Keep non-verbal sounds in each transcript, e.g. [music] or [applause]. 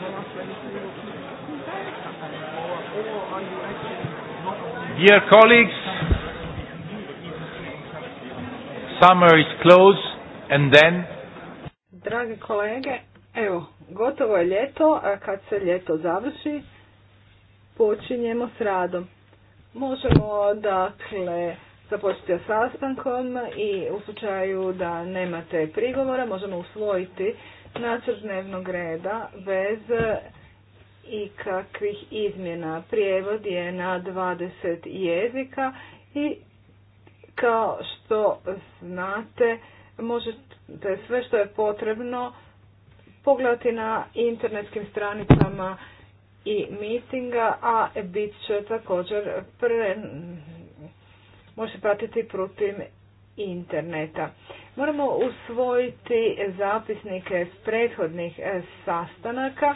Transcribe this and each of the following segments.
Dear colleagues, summer is close and then Dragi kolege, evo, gotovo je ljeto, a kad se ljeto završi, počinjemo s radom. Možemo, dakle, započeti sastankom i u slučaju da nemate prigovora, možemo usvojiti nacrt dnevnog reda bez e, ikakvih izmjena. Prijevod je na 20 jezika i kao što znate možete sve što je potrebno pogledati na internetskim stranicama i meetinga a bit će također pre, može pratiti protiv interneta. Moramo usvojiti zapisnike s prethodnih e, sastanaka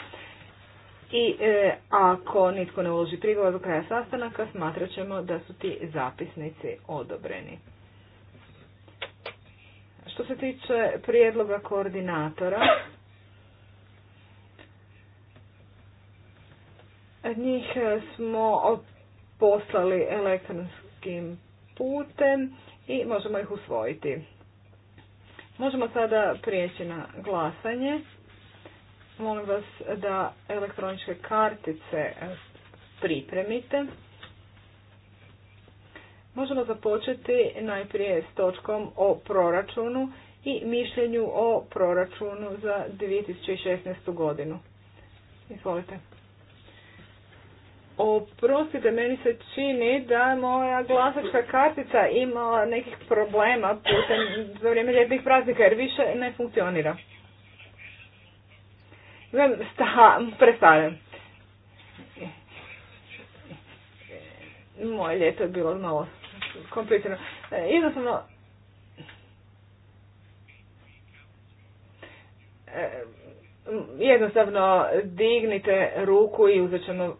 i e, ako nitko ne uloži prigovor do kraja sastanaka, smatrat ćemo da su ti zapisnici odobreni. Što se tiče prijedloga koordinatora, njih e, smo poslali elektronskim putem i možemo ih usvojiti. Možemo sada prijeći na glasanje. Molim vas da elektroničke kartice pripremite. Možemo započeti najprije s točkom o proračunu i mišljenju o proračunu za 2016. godinu. Izvolite. Oprostite, meni se čini da moja glasačka kartica ima nekih problema putem za vrijeme ljetnih praznika jer više ne funkcionira. Sta, Moje ljeto je bilo malo komplicirano. E, jednostavno, e, jednostavno dignite ruku i uzet ćemo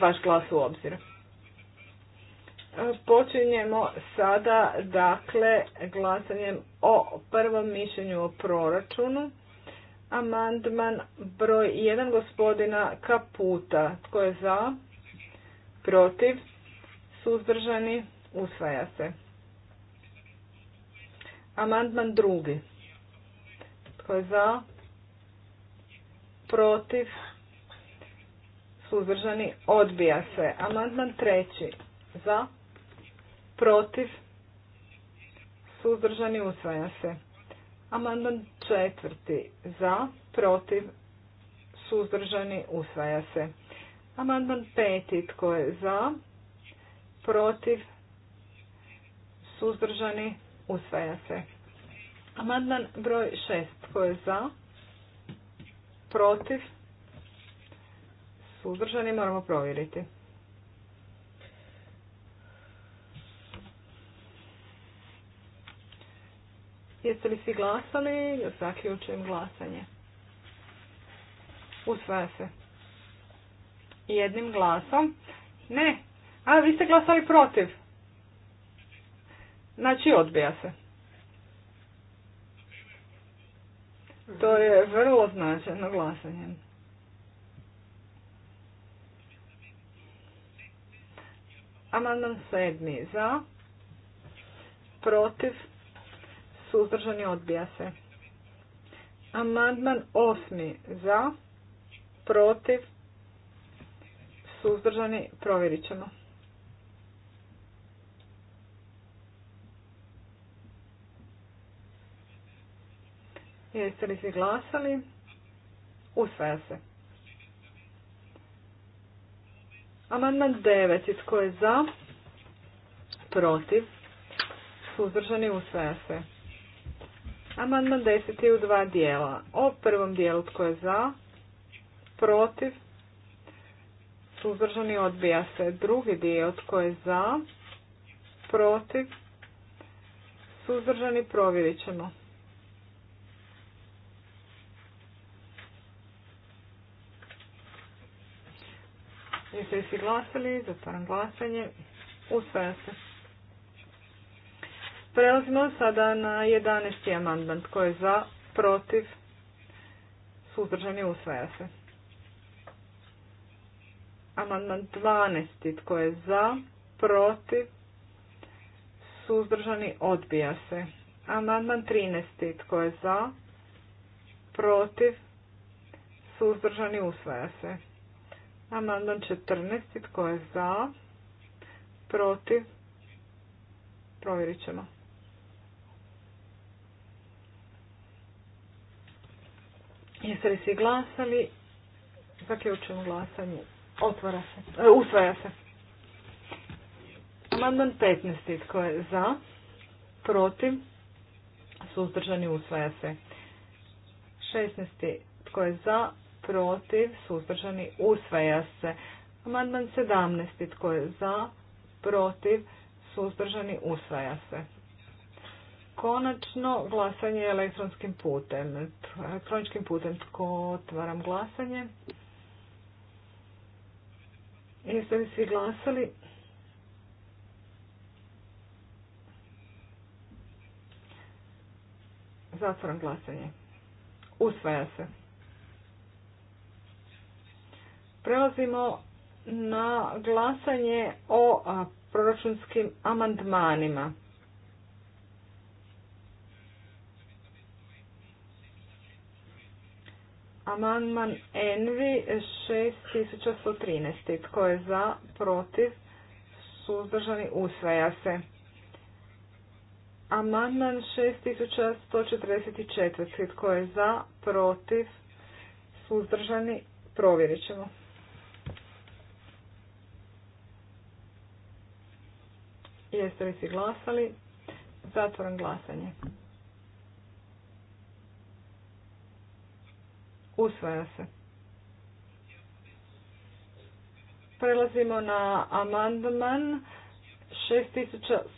vaš glas u obzir. E, počinjemo sada dakle glasanjem o prvom mišljenju o proračunu. Amandman broj 1 gospodina Kaputa. Tko je za? Protiv? Suzdržani? Usvaja se. Amandman drugi. Tko je za? Protiv? suzdržani, odbija se. Amandman treći, za, protiv, suzdržani, usvaja se. Amandman četvrti, za, protiv, suzdržani, usvaja se. Amandman peti, tko je za, protiv, suzdržani, usvaja se. Amandman broj šest, tko je za, protiv, suzdržani, moramo provjeriti. Jeste li svi glasali? Zaključujem glasanje. Usvaja se. Jednim glasom. Ne. A, vi ste glasali protiv. Znači, odbija se. To je vrlo značajno glasanje. Amandman sedmi za, protiv, suzdržani odbija se. Amandman osmi za, protiv, suzdržani provjerit ćemo. Jeste li svi glasali? Usvaja se. Amandman 9. Tko je za? Protiv? Suzdržani usvaja se. Amandman 10. je u dva dijela. O prvom dijelu tko je za? Protiv? Suzdržani odbija se. Drugi dio tko je za? Protiv? Suzdržani provjerit ćemo. Jeste se svi glasali? Zatvaram glasanje. Usvaja se. Prelazimo sada na 11. amandman. Tko je za? Protiv? Suzdržani usvaja se. Amandman 12. Tko je za? Protiv? Suzdržani odbija se. Amandman 13. Tko je za? Protiv? Suzdržani usvaja se. Amandman 14. Tko je za? Protiv? Provjerit ćemo. Jeste li svi glasali? Zaključujem glasanje. Otvara se. E, usvaja se. Amandman 15. Tko je za? Protiv? Suzdržani usvaja se. 16. Tko je za? protiv, suzdržani, usvaja se. Amandman 17. Tko je za, protiv, suzdržani, usvaja se. Konačno glasanje elektronskim putem. Elektroničkim putem tko otvaram glasanje. Jeste li svi glasali? Zatvoram glasanje. Usvaja se. Prelazimo na glasanje o proračunskim amandmanima. Amandman Envi 6113. Tko je za, protiv, suzdržani, usvaja se. Amandman 6144. Tko je za, protiv, suzdržani, provjerit ćemo. Jeste li si glasali? Zatvoran glasanje. Usvaja se. Prelazimo na amandman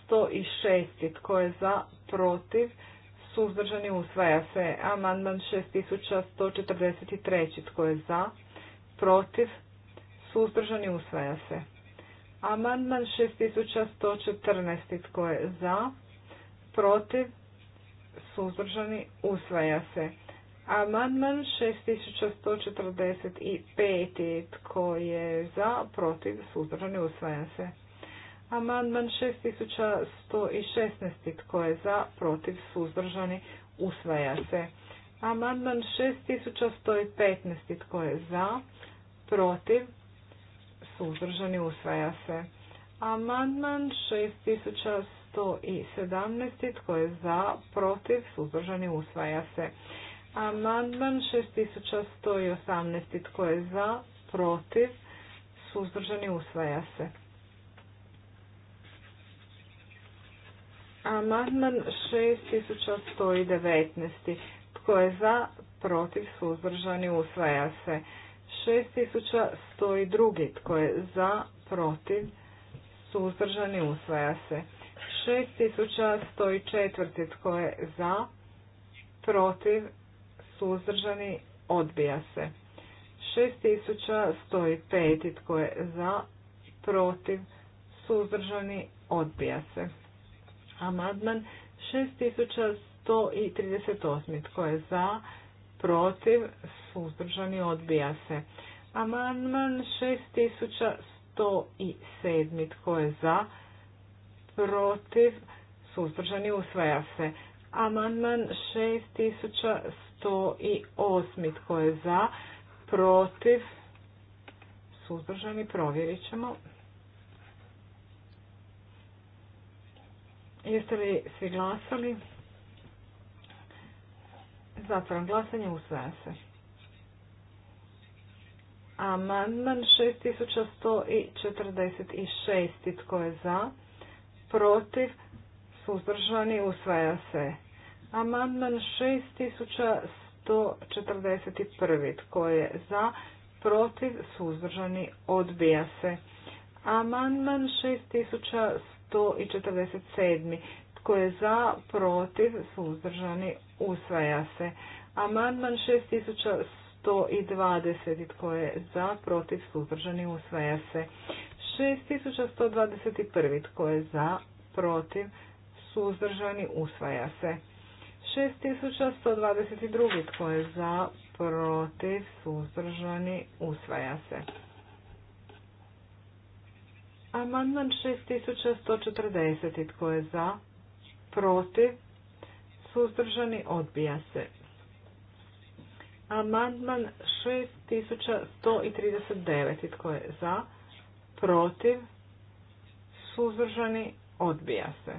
6106. Tko je za, protiv, suzdržani usvaja se. Amandman 6143. Tko je za, protiv, suzdržani usvaja se. Amandman 6114. Tko je za? Protiv? Suzdržani? Usvaja se. Amandman 6145. Tko je za? Protiv? Suzdržani? Usvaja se. Amandman 6116. Tko je za? Protiv? Suzdržani? Usvaja se. Amandman 6115. Tko je za? Protiv? suzdržani usvaja se. Amandman 6117. Tko je za, protiv, suzdržani usvaja se. Amandman 6118. Tko je za, protiv, suzdržani usvaja se. Amandman 6119. Tko je za, protiv, suzdržani usvaja se. 6102. Tko je za, protiv, suzdržani, usvaja se. 6104. Tko je za, protiv, suzdržani, odbija se. 6105. Tko je za, protiv, suzdržani, odbija se. Amadman 6138. Tko je za, protiv, suzdržani, odbija se. Amandman 6107. Tko je za? Protiv, suzdržani, usvaja se. Amandman 6108. Tko je za? Protiv, suzdržani, provjerit ćemo. Jeste li svi glasali? Zatvaram glasanje, usvaja se. Amandman 6146. Tko je za? Protiv? Suzdržani? Usvaja se. Amandman 6141. Tko je za? Protiv? Suzdržani? Odbija se. Amandman 6147. Tko je za? Protiv? Suzdržani? usvaja se. Amandman 6120 tko je za, protiv, suzdržani, usvaja se. 6121 tko je za, protiv, suzdržani, usvaja se. 6122 tko je za, protiv, suzdržani, usvaja se. Amandman 6140 tko je za, protiv, suzdržani, odbija se. Amandman 6139. Tko je za? Protiv? Suzdržani? Odbija se.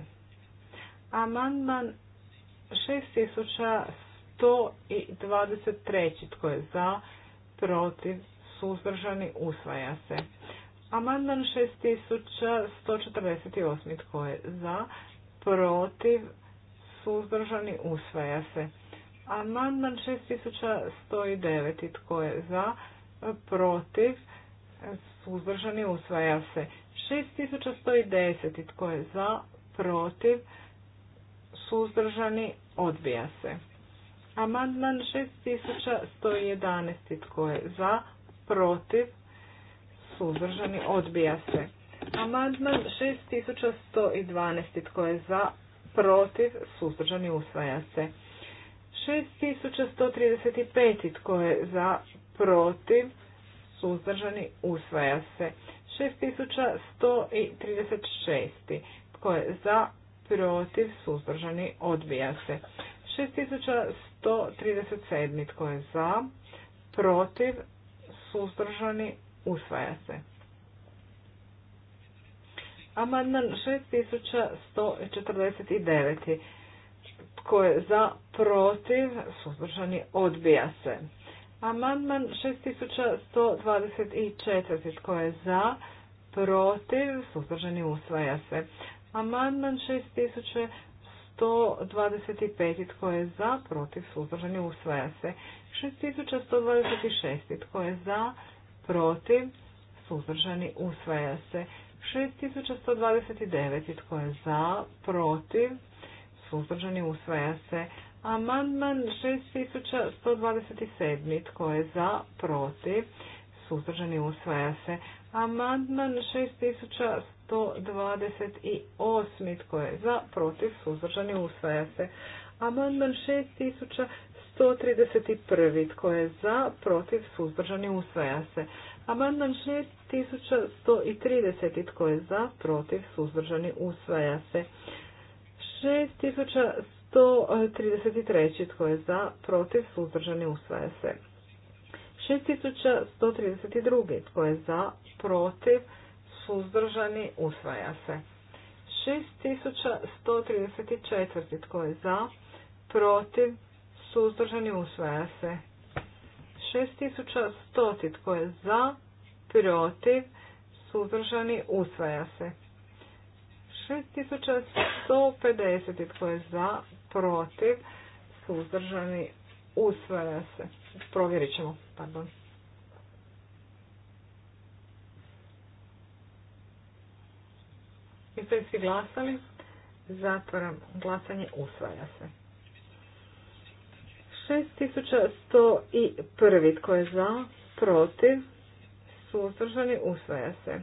Amandman 6123. Tko je za? Protiv? Suzdržani? Usvaja se. Amandman 6148. Tko je za? Protiv? suzdržani, usvaja se. Amandman 6109. Tko je za? Protiv? Suzdržani usvaja se. 6110. Tko je za? Protiv? Suzdržani odbija se. Amandman 6111. Tko je za? Protiv? Suzdržani odbija se. Amandman 6112. Tko je za? protiv, suzdržani usvaja se. 6135. Tko je za, protiv, suzdržani usvaja se. 6136. Tko je za, protiv, suzdržani odbija se. 6137. Tko je za, protiv, suzdržani usvaja se. Amandman 6149. Tko je za, protiv, suzdržani, odbija se. Amandman 6124. Tko je za, protiv, suzdržani, usvaja se. Amandman 6125. Tko je za, protiv, suzdržani, usvaja se. 6126. Tko je za, protiv, suzdržani, usvaja se. 6129. Tko je za? Protiv? Suzdržani usvaja se. Amandman 6127. Tko je za? Protiv? Suzdržani usvaja se. Amandman 6128. Tko je za? Protiv? Suzdržani usvaja se. Amandman 6131. Tko je za? Protiv? Suzdržani usvaja se. Amandman 6130 tko je za, protiv, suzdržani, usvaja se. 6133 tko je za, protiv, suzdržani, usvaja se. 6132 tko je za, protiv, suzdržani, usvaja se. 6134 tko je za, protiv, suzdržani, usvaja se. 6100 tko je za, protiv, suzdržani, usvaja se. 6150 tko je za, protiv, suzdržani, usvaja se. Provjerit ćemo, pardon. Jeste li svi glasali? Zatvoram glasanje, usvaja se. 6101 tko je za, protiv, suzdržani, usvaja se.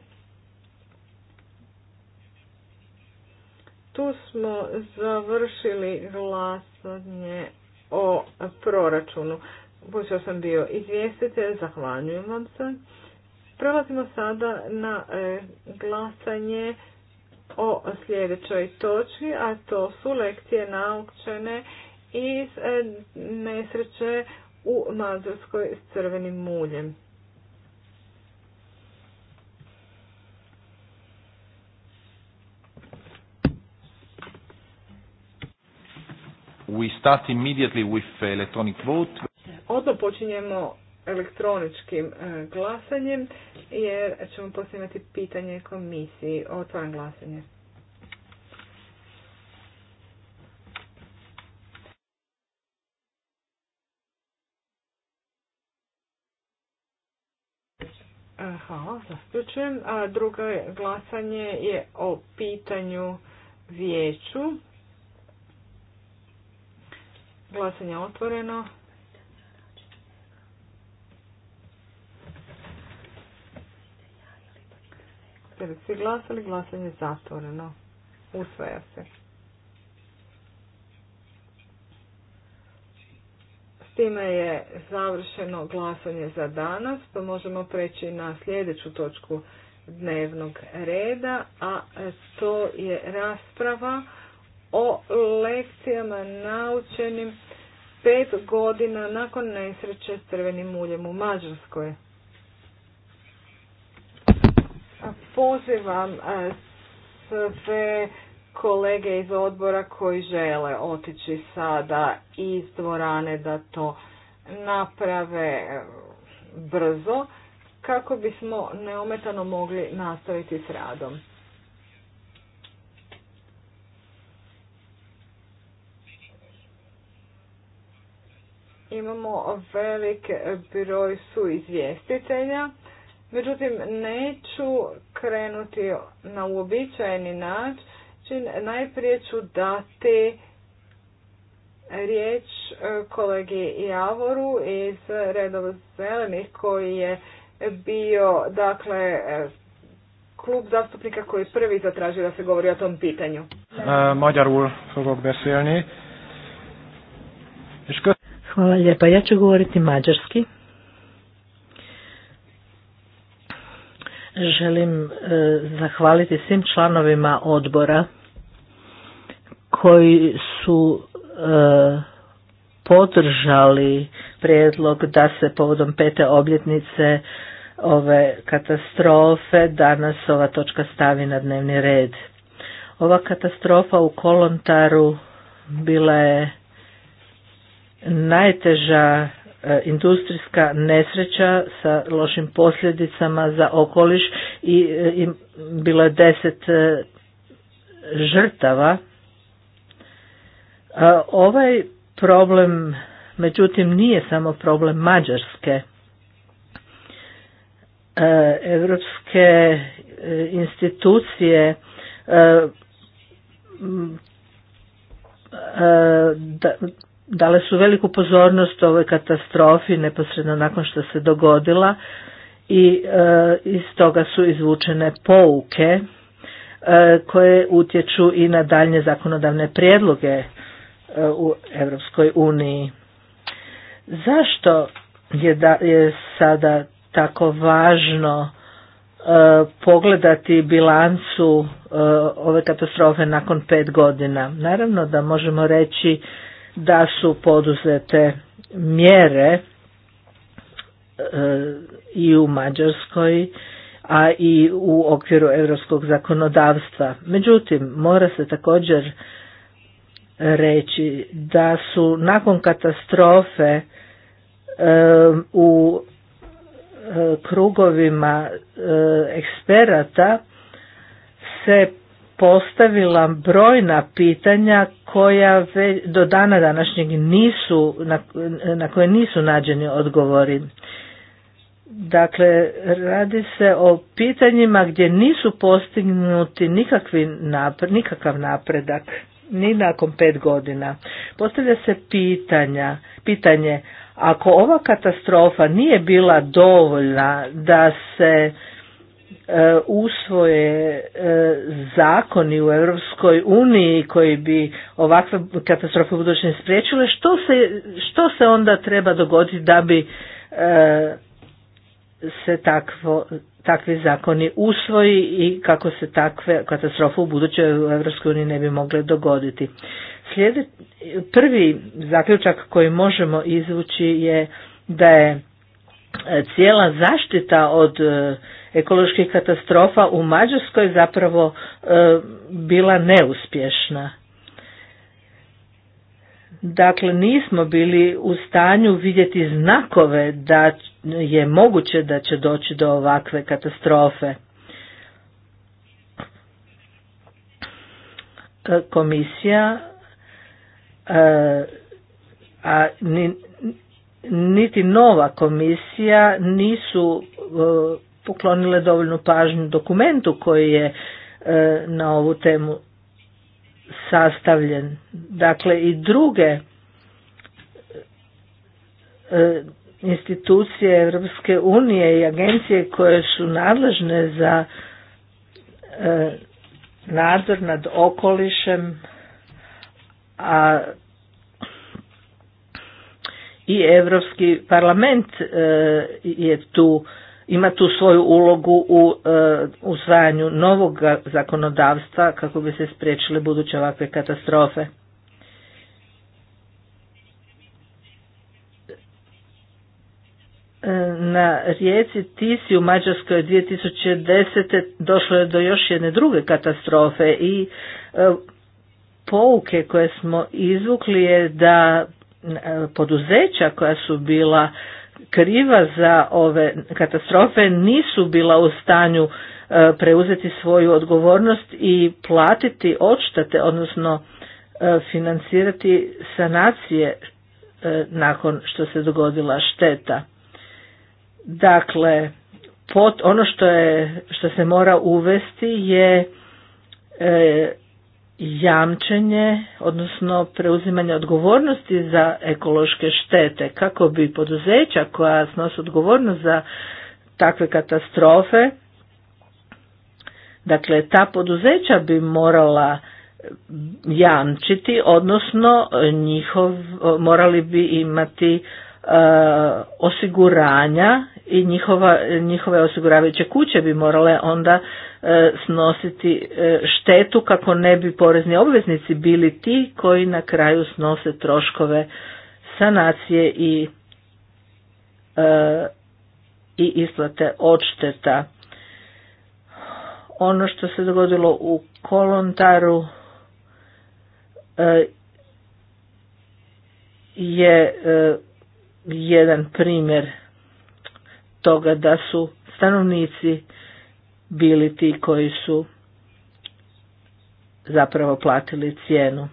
Tu smo završili glasanje o proračunu. Budući sam bio izvjestitelj, zahvaljujem vam se. Prelazimo sada na e, glasanje o sljedećoj točki, a to su lekcije naučene iz e, nesreće u Mazurskoj s crvenim muljem. We start immediately with electronic vote. Odmah počinjemo elektroničkim e, glasanjem jer ćemo postaviti pitanje komisiji o glasanje. Aha, e, Hvala, drugo glasanje je o pitanju vijeću. Glasanje otvoreno. Ste li svi glasali? Glasanje zatvoreno. Usvaja se. S time je završeno glasanje za danas, pa možemo preći na sljedeću točku dnevnog reda, a to je rasprava o lekcijama naučenim pet godina nakon nesreće s crvenim uljem u Mađarskoj. Pozivam e, sve kolege iz odbora koji žele otići sada iz dvorane da to naprave e, brzo kako bismo neometano mogli nastaviti s radom. imamo velik broj izvjestitelja, Međutim, neću krenuti na uobičajeni način. Najprije ću dati riječ e, kolegi Javoru iz redova zelenih koji je bio, dakle, e, klub zastupnika koji je prvi zatražio da se govori o tom pitanju. E, Magyarul fogok Hvala lijepa. Ja ću govoriti mađarski. Želim e, zahvaliti svim članovima odbora koji su e, podržali prijedlog da se povodom pete obljetnice ove katastrofe danas ova točka stavi na dnevni red. Ova katastrofa u Kolontaru bila je najteža e, industrijska nesreća sa lošim posljedicama za okoliš i e, bilo je deset e, žrtava. Ovaj problem, međutim, nije samo problem Mađarske. Evropske institucije da dale su veliku pozornost ovoj katastrofi neposredno nakon što se dogodila i e, iz toga su izvučene pouke e, koje utječu i na daljnje zakonodavne prijedloge e, u Europskoj uniji. Zašto je, da, je sada tako važno pogledati bilancu ove katastrofe nakon pet godina? Naravno da možemo reći da su poduzete mjere e, i u Mađarskoj, a i u okviru europskog zakonodavstva. Međutim, mora se također reći da su nakon katastrofe e, u e, krugovima eksperata se postavila brojna pitanja koja do dana današnjeg nisu, na koje nisu nađeni odgovori. Dakle, radi se o pitanjima gdje nisu postignuti nikakvi napred, nikakav napredak, ni nakon pet godina. Postavlja se pitanja, pitanje, ako ova katastrofa nije bila dovoljna da se E, usvoje e, zakoni u Europskoj uniji koji bi ovakve katastrofe u budućnosti spriječile, što se, što se onda treba dogoditi da bi e, se takvo, takvi zakoni usvoji i kako se takve katastrofe u budućnosti u Europskoj uniji ne bi mogle dogoditi. Slijedi, prvi zaključak koji možemo izvući je da je cijela zaštita od ekoloških katastrofa u Mađarskoj zapravo e, bila neuspješna. Dakle, nismo bili u stanju vidjeti znakove da je moguće da će doći do ovakve katastrofe. E, komisija e, a niti nova komisija nisu poklonile dovoljnu pažnju dokumentu koji je e, na ovu temu sastavljen. Dakle i druge e, institucije Europske unije i agencije koje su nadležne za e, nadzor nad okolišem a i Europski parlament je tu ima tu svoju ulogu u e, usvajanju novog zakonodavstva kako bi se spriječile buduće ovakve katastrofe. E, na rijeci Tisi u Mađarskoj 2010. došlo je do još jedne druge katastrofe i e, pouke koje smo izvukli je da poduzeća koja su bila kriva za ove katastrofe nisu bila u stanju e, preuzeti svoju odgovornost i platiti odštete, odnosno e, financirati sanacije e, nakon što se dogodila šteta. Dakle, ono što, je, što se mora uvesti je jamčenje, odnosno preuzimanje odgovornosti za ekološke štete, kako bi poduzeća koja snose odgovornost za takve katastrofe, dakle ta poduzeća bi morala jamčiti, odnosno njihov, morali bi imati e, osiguranja i njihova, njihove osiguravajuće kuće bi morale onda e, snositi e, štetu kako ne bi porezni obveznici bili ti koji na kraju snose troškove sanacije i, e, i isplate odšteta. Ono što se dogodilo u Kolontaru e, je jedan primjer toga da su stanovnici bili ti koji su zapravo platili cijenu.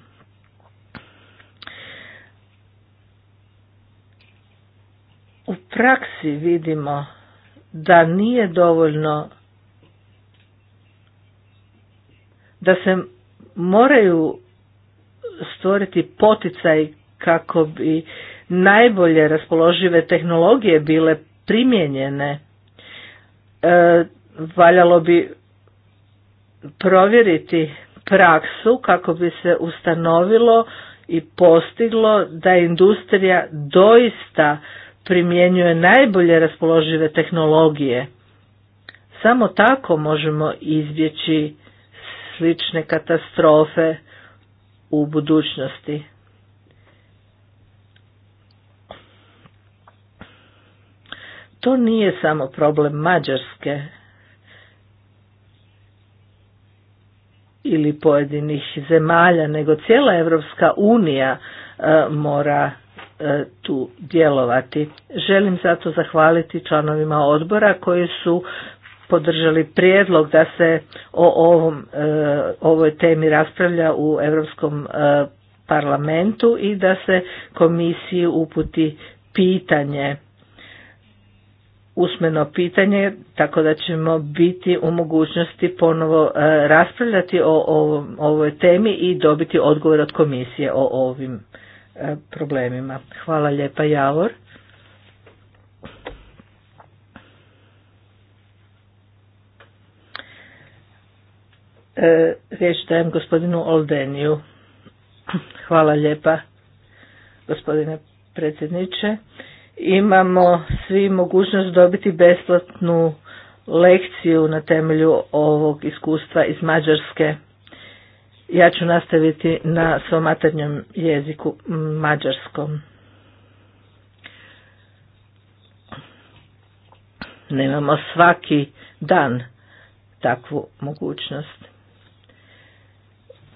U praksi vidimo da nije dovoljno da se moraju stvoriti poticaj kako bi najbolje raspoložive tehnologije bile primijenjene, e, valjalo bi provjeriti praksu kako bi se ustanovilo i postiglo da industrija doista primjenjuje najbolje raspoložive tehnologije. Samo tako možemo izbjeći slične katastrofe u budućnosti. To nije samo problem Mađarske ili pojedinih zemalja, nego cijela Evropska unija e, mora e, tu djelovati. Želim zato zahvaliti članovima odbora koji su podržali prijedlog da se o ovom, e, ovoj temi raspravlja u Europskom parlamentu i da se komisiji uputi pitanje usmeno pitanje, tako da ćemo biti u mogućnosti ponovo e, raspravljati o ovoj temi i dobiti odgovor od komisije o ovim e, problemima. Hvala lijepa Javor. E, riječ dajem gospodinu Oldeniju. Hvala lijepa gospodine predsjedniče imamo svi mogućnost dobiti besplatnu lekciju na temelju ovog iskustva iz Mađarske. Ja ću nastaviti na svom maternjem jeziku mađarskom. Nemamo svaki dan takvu mogućnost.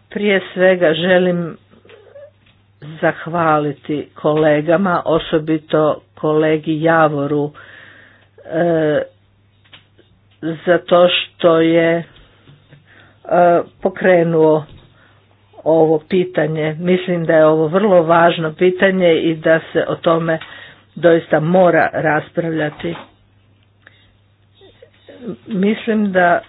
Prije svega želim zahvaliti kolegama, osobito kolegi Javoru e, za to što je e, pokrenuo ovo pitanje. Mislim da je ovo vrlo važno pitanje i da se o tome doista mora raspravljati. Mislim da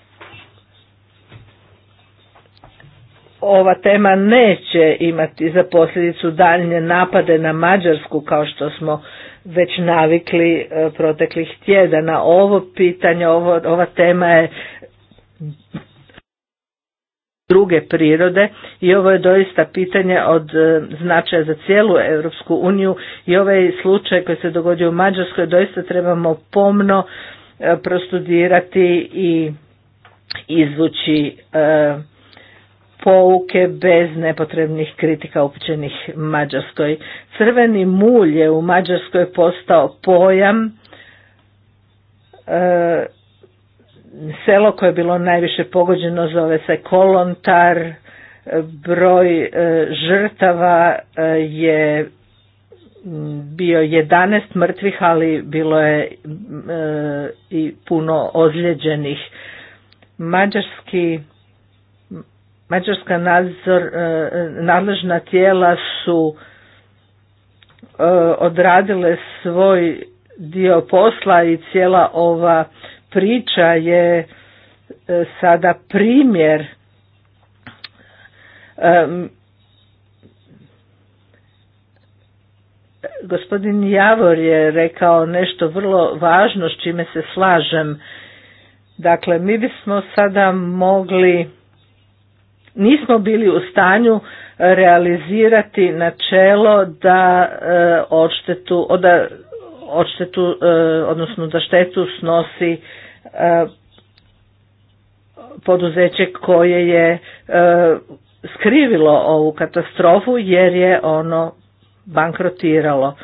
ova tema neće imati za posljedicu daljnje napade na Mađarsku kao što smo već navikli e, proteklih tjedana. Ovo pitanje, ovo, ova tema je druge prirode i ovo je doista pitanje od e, značaja za cijelu Europsku uniju i ovaj slučaj koji se dogodio u Mađarskoj doista trebamo pomno e, prostudirati i izvući pouke bez nepotrebnih kritika upućenih Mađarskoj. Crveni mulj je u Mađarskoj postao pojam e, selo koje je bilo najviše pogođeno zove se Kolontar, broj e, žrtava e, je bio 11 mrtvih, ali bilo je i puno ozlijeđenih. Mađarski Mađarska nadzor, e, nadležna tijela su e, odradile svoj dio posla i cijela ova priča je e, sada primjer gospodin Javor je rekao nešto vrlo važno s čime se slažem dakle mi bismo sada mogli nismo bili u stanju realizirati načelo da e, odštetu, da odštetu, e, odnosno da štetu snosi e, poduzeće koje je skrivilo ovu katastrofu jer je ono bankrotiralo.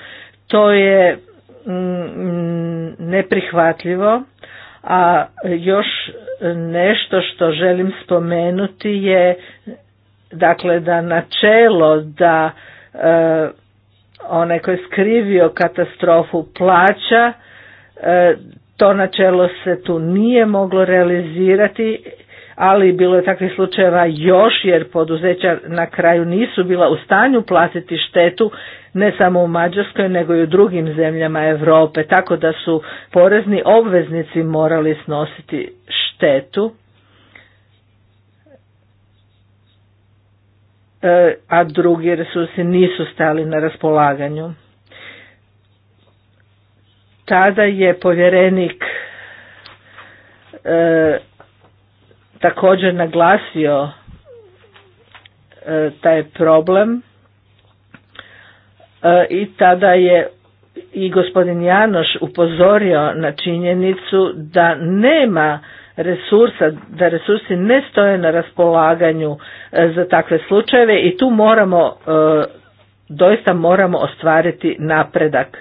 To je mm, mm, neprihvatljivo, a još nešto što želim spomenuti je dakle da načelo da e, onaj koji je skrivio katastrofu plaća e, to načelo se tu nije moglo realizirati ali bilo je takvih slučajeva još jer poduzeća na kraju nisu bila u stanju platiti štetu ne samo u Mađarskoj nego i u drugim zemljama Europe, tako da su porezni obveznici morali snositi štetu. E, a drugi resursi nisu stali na raspolaganju. Tada je povjerenik e, također naglasio e, taj problem E, i tada je i gospodin Janoš upozorio na činjenicu da nema resursa, da resursi ne stoje na raspolaganju e, za takve slučajeve i tu moramo, e, doista moramo ostvariti napredak.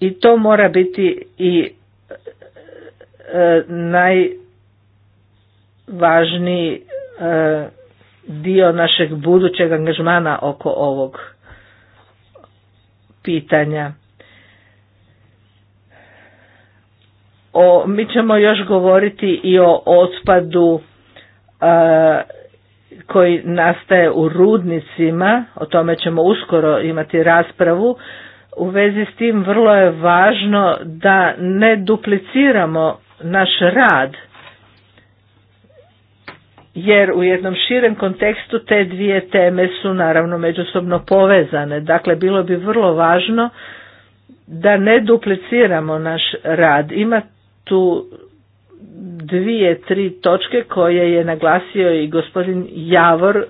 I to mora biti i najvažniji dio našeg budućeg angažmana oko ovog pitanja. O, mi ćemo još govoriti i o otpadu e, koji nastaje u rudnicima, o tome ćemo uskoro imati raspravu. U vezi s tim vrlo je važno da ne dupliciramo naš rad jer u jednom širem kontekstu te dvije teme su naravno međusobno povezane. Dakle, bilo bi vrlo važno da ne dupliciramo naš rad. Ima tu dvije, tri točke koje je naglasio i gospodin Javor e,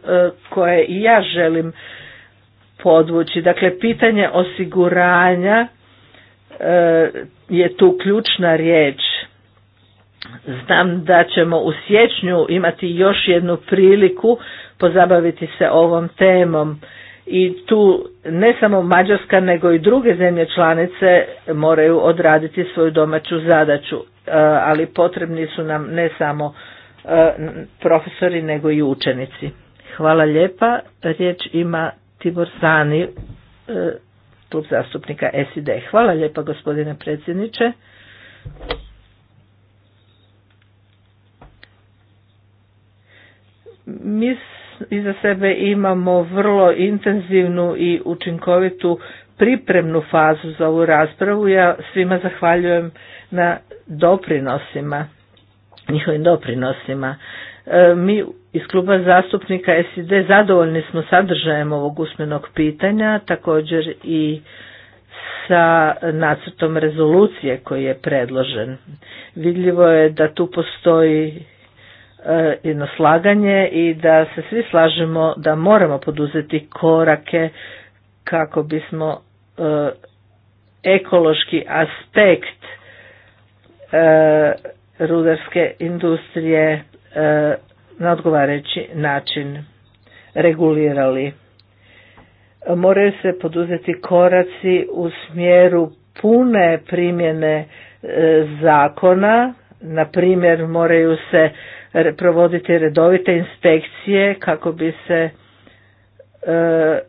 koje i ja želim podvući. Dakle, pitanje osiguranja e, je tu ključna riječ Znam da ćemo u siječnju imati još jednu priliku pozabaviti se ovom temom i tu ne samo Mađarska nego i druge zemlje članice moraju odraditi svoju domaću zadaću, e, ali potrebni su nam ne samo e, profesori nego i učenici. Hvala lijepa. Riječ ima Tibor Sani, e, klub zastupnika SID. Hvala lijepa gospodine predsjedniče. mi iza sebe imamo vrlo intenzivnu i učinkovitu pripremnu fazu za ovu raspravu. Ja svima zahvaljujem na doprinosima, njihovim doprinosima. E, mi iz kluba zastupnika SID zadovoljni smo sadržajem ovog usmenog pitanja, također i sa nacrtom rezolucije koji je predložen. Vidljivo je da tu postoji E, jedno slaganje i da se svi slažemo da moramo poduzeti korake kako bismo e, ekološki aspekt e, rudarske industrije na odgovarajući način regulirali. Moraju se poduzeti koraci u smjeru pune primjene zakona, na primjer moraju se provoditi redovite inspekcije kako bi se e,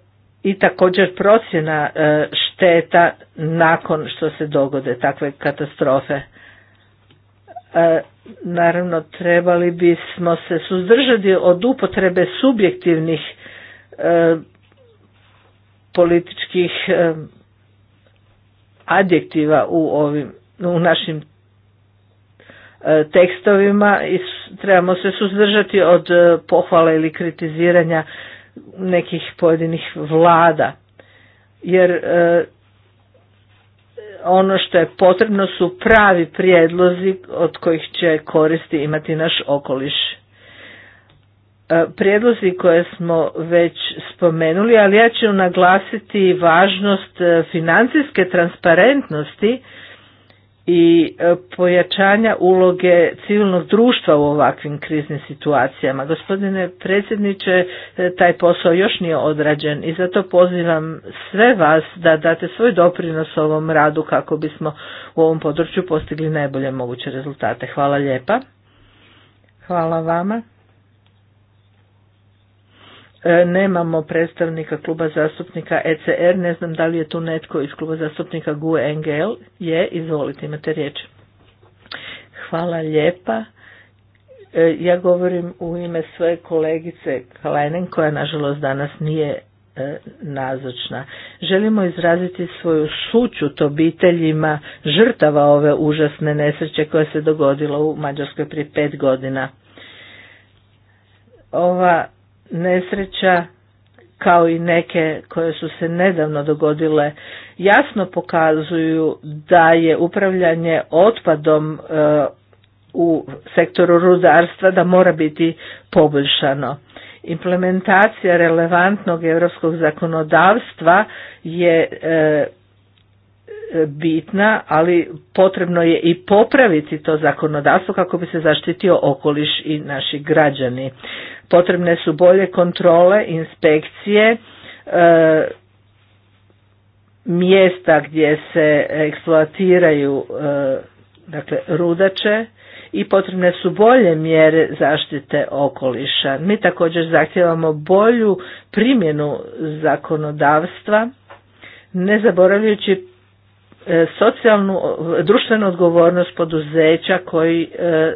i također procjena e, šteta nakon što se dogode takve katastrofe. E, naravno trebali bismo se suzdržati od upotrebe subjektivnih e, političkih adjektiva u ovim u našim E, tekstovima i trebamo se suzdržati od e, pohvala ili kritiziranja nekih pojedinih vlada. Jer e, ono što je potrebno su pravi prijedlozi od kojih će koristi imati naš okoliš. Prijedlozi koje smo već spomenuli, ali ja ću naglasiti važnost financijske transparentnosti i e, pojačanja uloge civilnog društva u ovakvim kriznim situacijama. Gospodine predsjedniče, e, taj posao još nije odrađen i zato pozivam sve vas da date svoj doprinos ovom radu kako bismo u ovom području postigli najbolje moguće rezultate. Hvala lijepa. Hvala vama. E, nemamo predstavnika kluba zastupnika ECR, ne znam da li je tu netko iz kluba zastupnika GUE NGL, je, izvolite, imate riječ. Hvala lijepa. E, ja govorim u ime svoje kolegice Kalenen koja nažalost danas nije e, nazočna. Želimo izraziti svoju sućut obiteljima žrtava ove užasne nesreće koja se dogodila u Mađarskoj prije pet godina. Ova nesreća kao i neke koje su se nedavno dogodile jasno pokazuju da je upravljanje otpadom e, u sektoru rudarstva da mora biti poboljšano. Implementacija relevantnog europskog zakonodavstva je e, bitna, ali potrebno je i popraviti to zakonodavstvo kako bi se zaštitio okoliš i naši građani. Potrebne su bolje kontrole, inspekcije, e, mjesta gdje se eksploatiraju e, dakle rudače i potrebne su bolje mjere zaštite okoliša. Mi također zahtijevamo bolju primjenu zakonodavstva ne zaboravljajući E, socijalnu, društvenu odgovornost poduzeća koji e,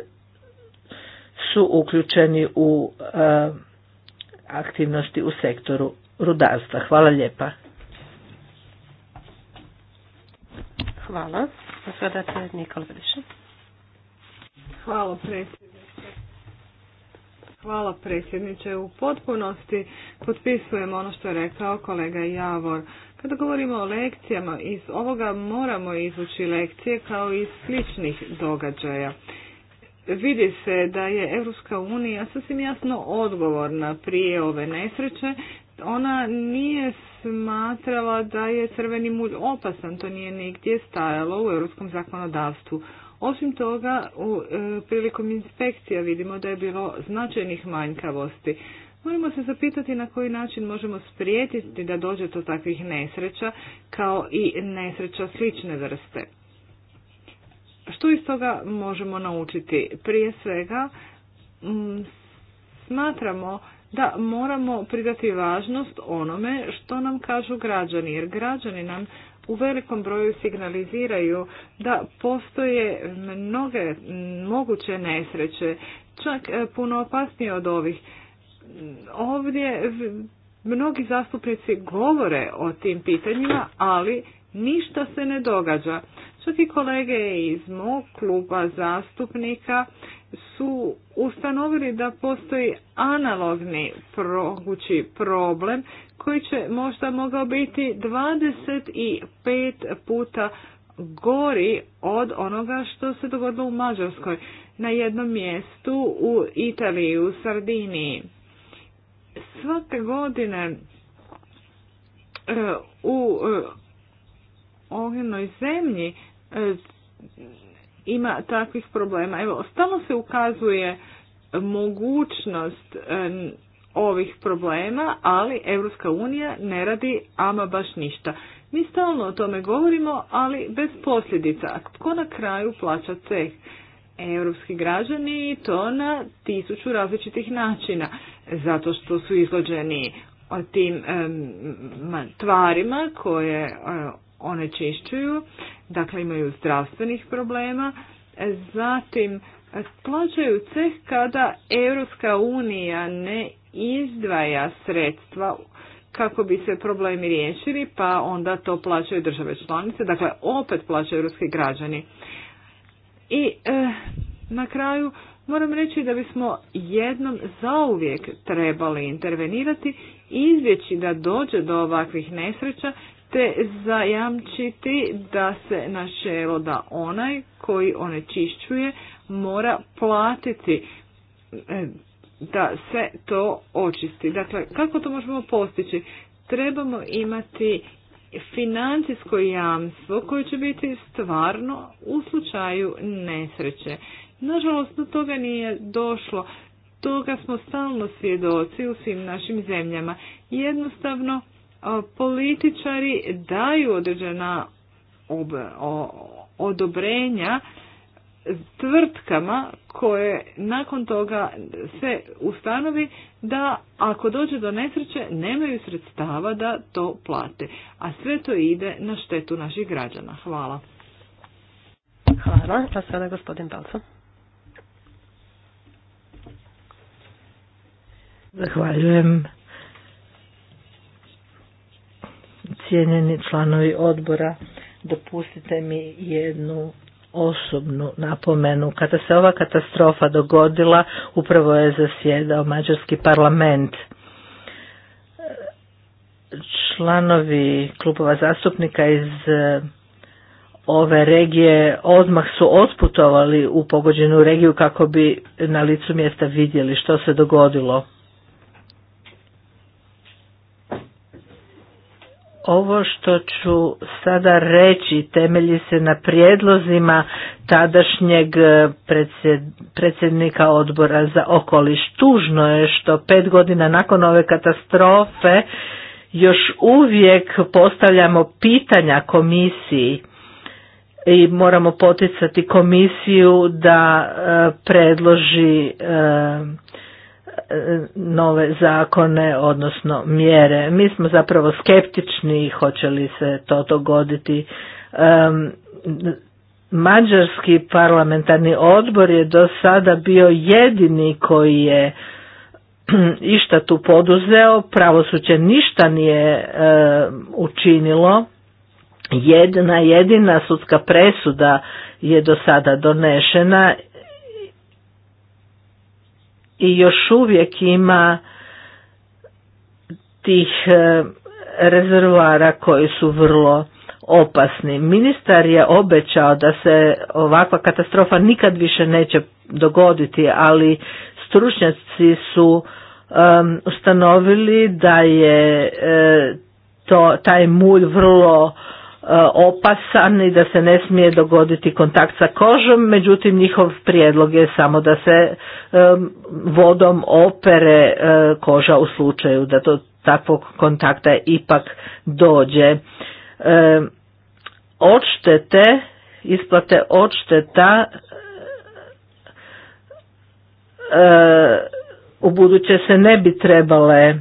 su uključeni u e, aktivnosti u sektoru rudarstva. Hvala lijepa. Hvala. Sada Nikola Briša. Hvala predsjedniče. Hvala predsjedniče. U potpunosti potpisujem ono što je rekao kolega Javor. Kada govorimo o lekcijama, iz ovoga moramo izvući lekcije kao i iz sličnih događaja. Vidi se da je Europska unija sasvim jasno odgovorna prije ove nesreće. Ona nije smatrala da je crveni mulj opasan, to nije nigdje stajalo u europskom zakonodavstvu. Osim toga, e, prilikom inspekcija vidimo da je bilo značajnih manjkavosti. Moramo se zapitati na koji način možemo spriječiti da dođe do takvih nesreća kao i nesreća slične vrste. Što iz toga možemo naučiti? Prije svega smatramo da moramo pridati važnost onome što nam kažu građani, jer građani nam u velikom broju signaliziraju da postoje mnoge moguće nesreće, čak e, puno opasnije od ovih ovdje mnogi zastupnici govore o tim pitanjima, ali ništa se ne događa. Čak i kolege iz mog kluba zastupnika su ustanovili da postoji analogni progući problem koji će možda mogao biti 25 puta gori od onoga što se dogodilo u Mađarskoj na jednom mjestu u Italiji, u Sardiniji svake godine e, u e, ognjenoj zemlji e, ima takvih problema. Evo, stalno se ukazuje mogućnost ovih problema, ali Europska unija ne radi ama baš ništa. Mi stalno o tome govorimo, ali bez posljedica. Tko na kraju plaća ceh? europski građani i to na tisuću različitih načina, zato što su izlođeni tim tvarima koje um, one čišćuju, dakle imaju zdravstvenih problema, zatim plaćaju ceh kada Europska unija ne izdvaja sredstva kako bi se problemi riješili, pa onda to plaćaju države članice, dakle opet plaćaju europski građani. I e, na kraju moram reći da bismo jednom zauvijek trebali intervenirati izbjeći da dođe do ovakvih nesreća te zajamčiti da se načelo da onaj koji onečišćuje mora platiti e, da se to očisti. Dakle, kako to možemo postići? Trebamo imati financijsko jamstvo koje će biti stvarno u slučaju nesreće. Nažalost, do toga nije došlo. Toga smo stalno svjedoci u svim našim zemljama. Jednostavno, političari daju određena odobrenja tvrtkama koje nakon toga se ustanovi da ako dođe do nesreće nemaju sredstava da to plate. A sve to ide na štetu naših građana. Hvala. Hvala. A sada gospodin Balco. Zahvaljujem. Cijenjeni članovi odbora, dopustite mi jednu osobnu napomenu. Kada se ova katastrofa dogodila, upravo je zasjedao Mađarski parlament. Članovi klubova zastupnika iz e, ove regije odmah su otputovali u pogođenu regiju kako bi na licu mjesta vidjeli što se dogodilo. Ovo što ću sada reći temelji se na prijedlozima tadašnjeg eh, predsjednika odbora za okoliš. Tužno je što pet godina nakon ove katastrofe još uvijek postavljamo pitanja komisiji i moramo poticati komisiju da eh, predloži eh, nove zakone, odnosno mjere. Mi smo zapravo skeptični hoće li se to dogoditi. Mađarski parlamentarni odbor je do sada bio jedini koji je [clears throat] išta tu poduzeo, pravosuđe ništa nije učinilo, jedna jedina sudska presuda je do sada donešena i još uvijek ima tih e, rezervoara koji su vrlo opasni. Ministar je obećao da se ovakva katastrofa nikad više neće dogoditi, ali stručnjaci su ustanovili da je e, to taj mulj vrlo E, opasan i da se ne smije dogoditi kontakt sa kožom, međutim njihov prijedlog je samo da se e, vodom opere e, koža u slučaju da do takvog kontakta ipak dođe. Odštete, isplate odšteta u buduće se ne bi trebale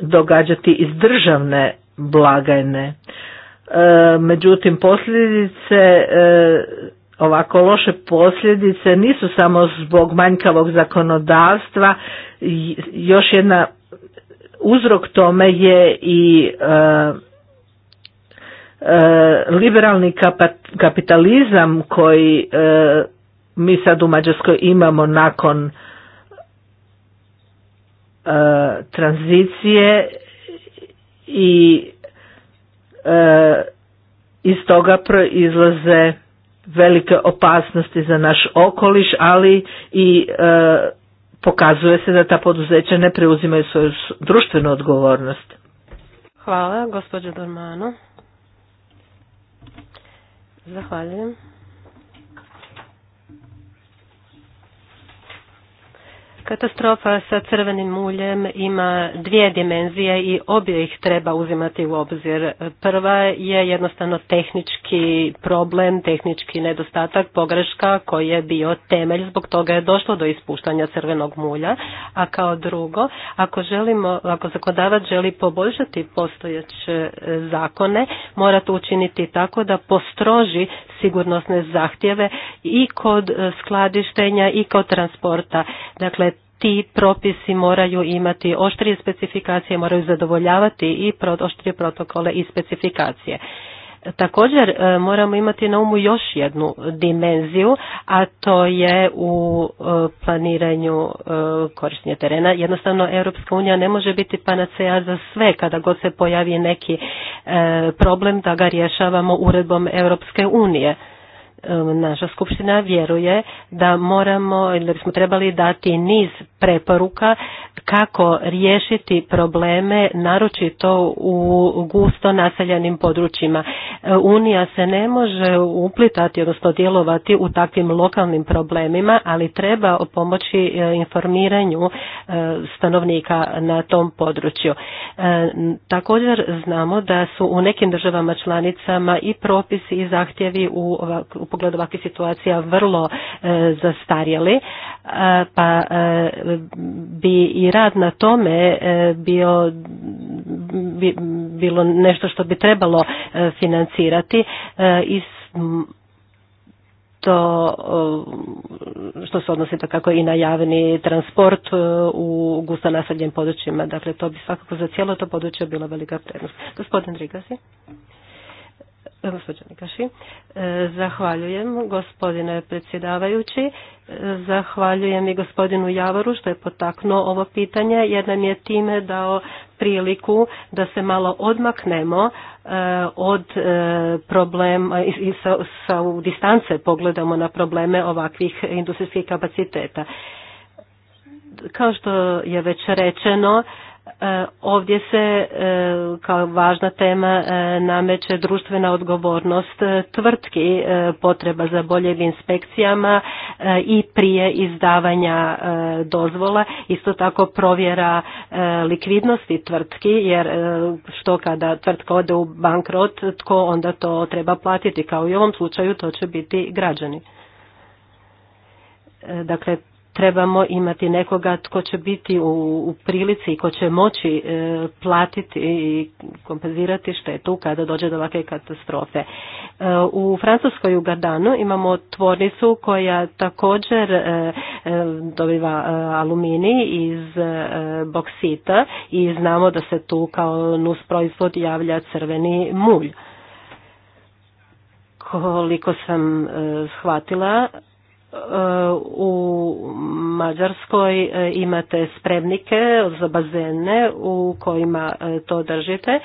događati iz državne blagajne. E, međutim posljedice e, ovako loše posljedice nisu samo zbog manjkavog zakonodavstva još jedna uzrok tome je i e, liberalni kapitalizam koji mi sad u Mađarskoj imamo nakon tranzicije i E, iz toga proizlaze velike opasnosti za naš okoliš, ali i e, pokazuje se da ta poduzeća ne preuzimaju svoju društvenu odgovornost. Hvala, gospođo Dormano. Zahvaljujem. Katastrofa sa crvenim muljem ima dvije dimenzije i obje ih treba uzimati u obzir. Prva je jednostavno tehnički problem, tehnički nedostatak, pogreška koji je bio temelj, zbog toga je došlo do ispuštanja crvenog mulja, a kao drugo, ako želimo, ako zakonodavac želi poboljšati postojeće e, zakone, mora to učiniti tako da postroži sigurnosne zahtjeve i kod e, skladištenja i kod transporta. Dakle, ti propisi moraju imati oštrije specifikacije, moraju zadovoljavati i oštrije protokole i specifikacije. Također e, moramo imati na umu još jednu dimenziju, a to je u e, planiranju e, korištenja terena. Jednostavno, Europska unija ne može biti panaceja za sve kada god se pojavi neki problem da ga rješavamo uredbom Europske unije naša skupština vjeruje da moramo ili da bismo trebali dati niz preporuka kako riješiti probleme naročito u gusto naseljenim područjima. Unija se ne može uplitati odnosno djelovati u takvim lokalnim problemima, ali treba pomoći e, informiranju e, stanovnika na tom području. Također znamo da su u nekim državama članicama i propisi i zahtjevi u pogledu ovakvih situacija vrlo e, zastarjeli, e, pa e, bi i rad na tome bio bilo nešto što bi trebalo financirati iz to što se odnosi takako i na javni transport u gusto naseljenim područjima. Dakle, to bi svakako za cijelo to područje bila velika prednost. Gospodin Rigazi. E, zahvaljujem gospodine predsjedavajući, e, zahvaljujem i gospodinu Javoru što je potaknuo ovo pitanje Jedan je time dao priliku da se malo odmaknemo e, od problema i sa, sa distance pogledamo na probleme ovakvih industrijskih kapaciteta. Kao što je već rečeno, E, ovdje se e, kao važna tema e, nameće društvena odgovornost tvrtki, potreba za boljim inspekcijama i prije izdavanja dozvola, isto tako provjera likvidnosti tvrtki, jer što kada tvrtka ode u bankrot, tko onda to treba platiti, kao i u ovom slučaju to će biti građani. Dakle, trebamo imati nekoga tko će biti u prilici i ko će moći e, platiti i kompenzirati štetu kada dođe do ovakve katastrofe. E, u Francuskoj u Gardanu imamo tvornicu koja također e, dobiva aluminij iz boksita i znamo da se tu kao nus proizvod javlja crveni mulj. Koliko sam shvatila, u Mađarskoj e, imate spremnike za bazene u kojima e, to držite. E,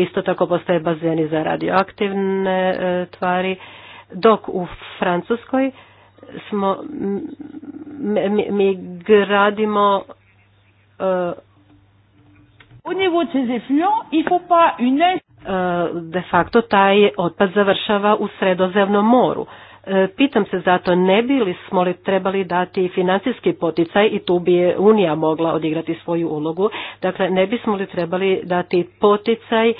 isto tako postoje bazeni za radioaktivne tvari, dok u Francuskoj smo, mi, mi gradimo Au de de facto taj otpad završava u sredozemnom moru. E, pitam se zato ne bi li smo li trebali dati financijski poticaj i tu bi Unija mogla odigrati svoju ulogu. Dakle, ne bismo li trebali dati poticaj e,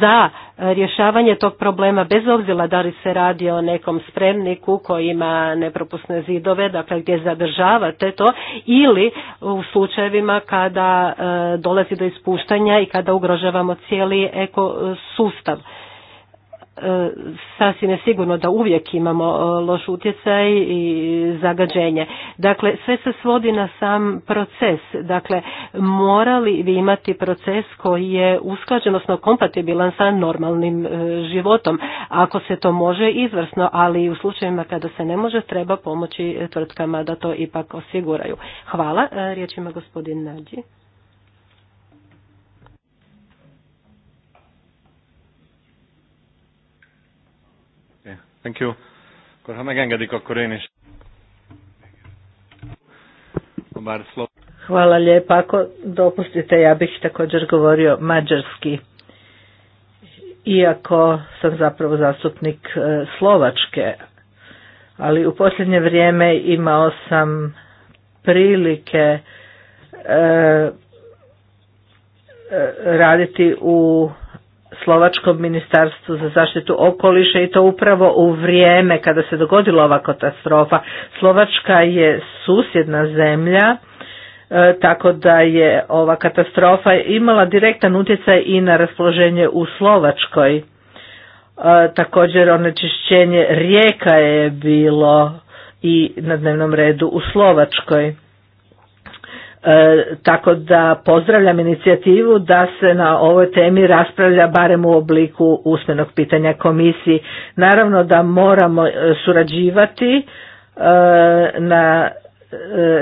za rješavanje tog problema bez obzira da li se radi o nekom spremniku koji ima nepropusne zidove, dakle gdje zadržavate to ili u slučajevima kada e, dolazi do ispuštanja i kada ugrožavamo cijeli ekosustav sasvim je sigurno da uvijek imamo e, loš utjecaj i zagađenje. Dakle, sve se svodi na sam proces. Dakle, morali vi imati proces koji je usklađen, odnosno kompatibilan sa normalnim e, životom. Ako se to može, izvrsno, ali i u slučajevima kada se ne može, treba pomoći tvrtkama da to ipak osiguraju. Hvala. E, riječ ima gospodin Nađi. Thank you. Akkor akkor én is. Hvala lijepa. Ako dopustite, ja bih također govorio mađarski. Iako sam zapravo zastupnik e, Slovačke, ali u posljednje vrijeme imao sam prilike e, e, raditi u Slovačkom ministarstvu za zaštitu okoliša i to upravo u vrijeme kada se dogodila ova katastrofa. Slovačka je susjedna zemlja e, tako da je ova katastrofa imala direktan utjecaj i na raspoloženje u Slovačkoj. E, također onečišćenje rijeka je bilo i na dnevnom redu u Slovačkoj. E, tako da pozdravljam inicijativu da se na ovoj temi raspravlja barem u obliku usmenog pitanja komisiji. Naravno da moramo e, surađivati e, na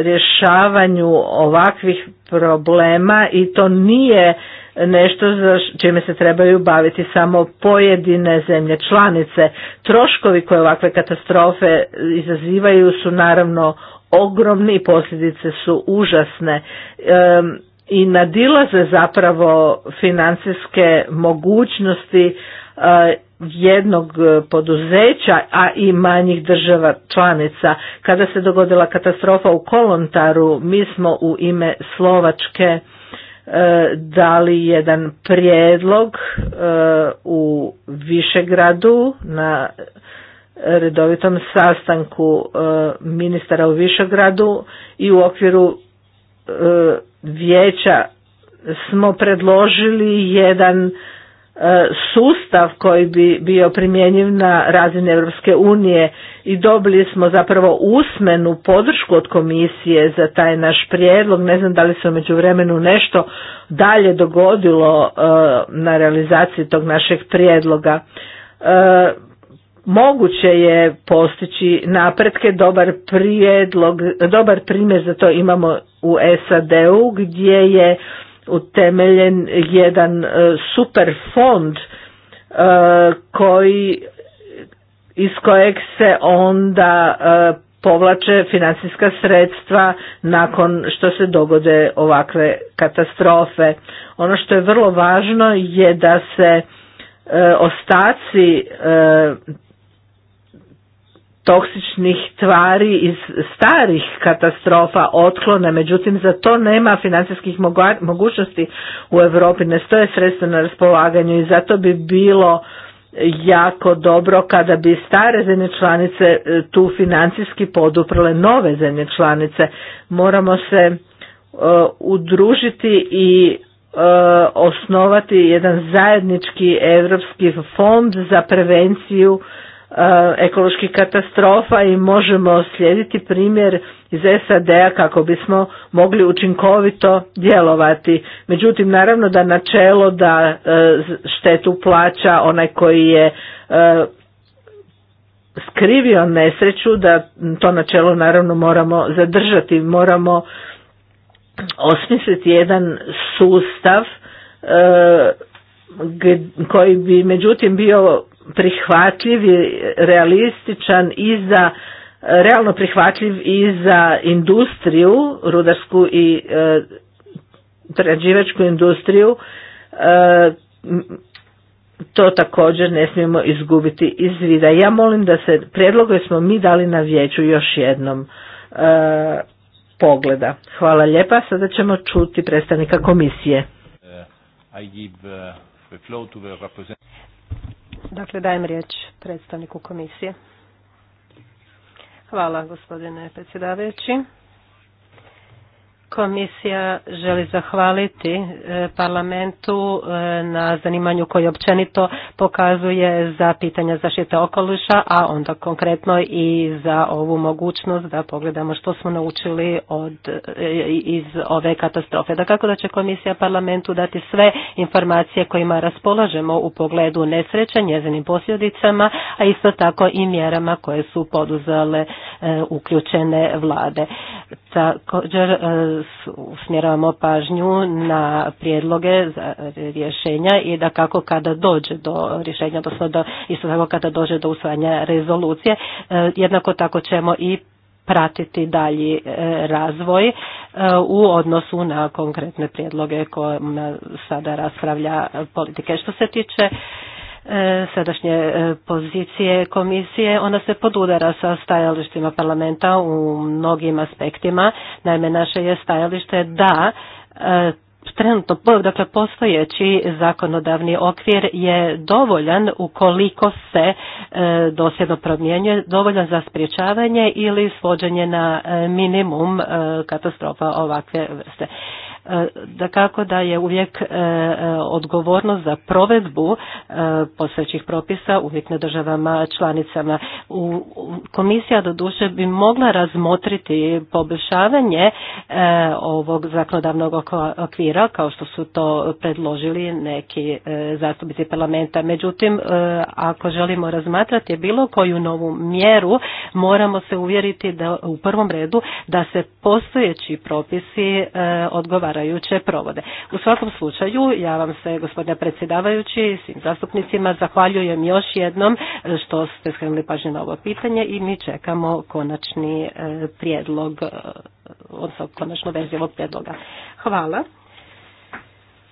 rješavanju ovakvih problema i to nije nešto za čime se trebaju baviti samo pojedine zemlje članice. Troškovi koje ovakve katastrofe izazivaju su naravno ogromni i posljedice su užasne i nadilaze zapravo financijske mogućnosti eh, jednog poduzeća, a i manjih država članica. Kada se dogodila katastrofa u Kolontaru, mi smo u ime Slovačke eh, dali jedan prijedlog eh, u Višegradu na redovitom sastanku e, ministara u Višogradu i u okviru e, vijeća smo predložili jedan e, sustav koji bi bio primjenjiv na razini Europske unije i dobili smo zapravo usmenu podršku od komisije za taj naš prijedlog. Ne znam da li se među vremenu nešto dalje dogodilo na realizaciji tog našeg prijedloga moguće je postići napretke, dobar prijedlog, dobar primjer za to imamo u SAD-u gdje je utemeljen jedan e, super fond e, koji iz kojeg se onda e, povlače financijska sredstva nakon što se dogode ovakve katastrofe. Ono što je vrlo važno je da se ostaci toksičnih tvari iz starih katastrofa otklone, međutim za to nema financijskih mogućnosti u Europi, ne stoje sredstva na raspolaganju i zato bi bilo jako dobro kada bi stare zemlje članice e, tu financijski poduprle nove zemlje članice. Moramo se e, udružiti i e, osnovati jedan zajednički evropski fond za prevenciju Eh, ekoloških katastrofa i možemo slijediti primjer iz SAD-a kako bismo mogli učinkovito djelovati. Međutim, naravno da načelo da eh, štetu plaća onaj koji je eh, skrivio nesreću, da to načelo naravno moramo zadržati, moramo osmisliti jedan sustav koji bi međutim bio prihvatljiv i realističan i za realno prihvatljiv i za industriju, rudarsku i e, industriju, e, to također ne smijemo izgubiti iz vida. Ja molim da se prijedloge smo mi dali na vijeću još jednom e, pogleda. Hvala lijepa, sada ćemo čuti predstavnika komisije. Uh, Dakle, dajem riječ predstavniku komisije. Hvala, gospodine predsjedavajući. Komisija želi zahvaliti e, parlamentu e, na zanimanju koje općenito pokazuje za pitanja zaštite okoliša, a onda konkretno i za ovu mogućnost da pogledamo što smo naučili od, e, iz ove katastrofe. Da kako da će komisija parlamentu dati sve informacije kojima raspolažemo u pogledu nesreća, njezinim posljedicama, a isto tako i mjerama koje su poduzele uključene vlade. Također usmjeravamo pažnju na prijedloge za rješenja i da kako kada dođe do rješenja, odnosno do, isto tako kada dođe do usvajanja rezolucije, e, jednako tako ćemo i pratiti dalji e, razvoj e, u odnosu na konkretne prijedloge koje sada raspravlja politike. Što se tiče E, sadašnje e, pozicije komisije, ona se podudara sa stajalištima parlamenta u mnogim aspektima. Naime, naše je stajalište da e, trenutno dakle postojeći zakonodavni okvir je dovoljan ukoliko se dosljedno promjenjuje, dovoljan za sprječavanje ili svođenje na minimum katastrofa ovakve vrste da kako da je uvijek e, e, odgovornost za provedbu e, postojećih propisa uvijek na državama članicama. Komisija doduše bi mogla razmotriti poboljšavanje ovog zakonodavnog okvira kao što su to predložili neki zastupnici parlamenta. Međutim, ako želimo razmatrati bilo koju novu mjeru, moramo se uvjeriti da u prvom redu da se postojeći propisi odgovaraju odgovarajuće provode. U svakom slučaju, ja vam se, gospodine predsjedavajući svim zastupnicima, zahvaljujem još jednom što ste skrenuli pažnje na ovo pitanje i mi čekamo konačni e, prijedlog, e, odnosno konačnu verziju ovog prijedloga. Hvala.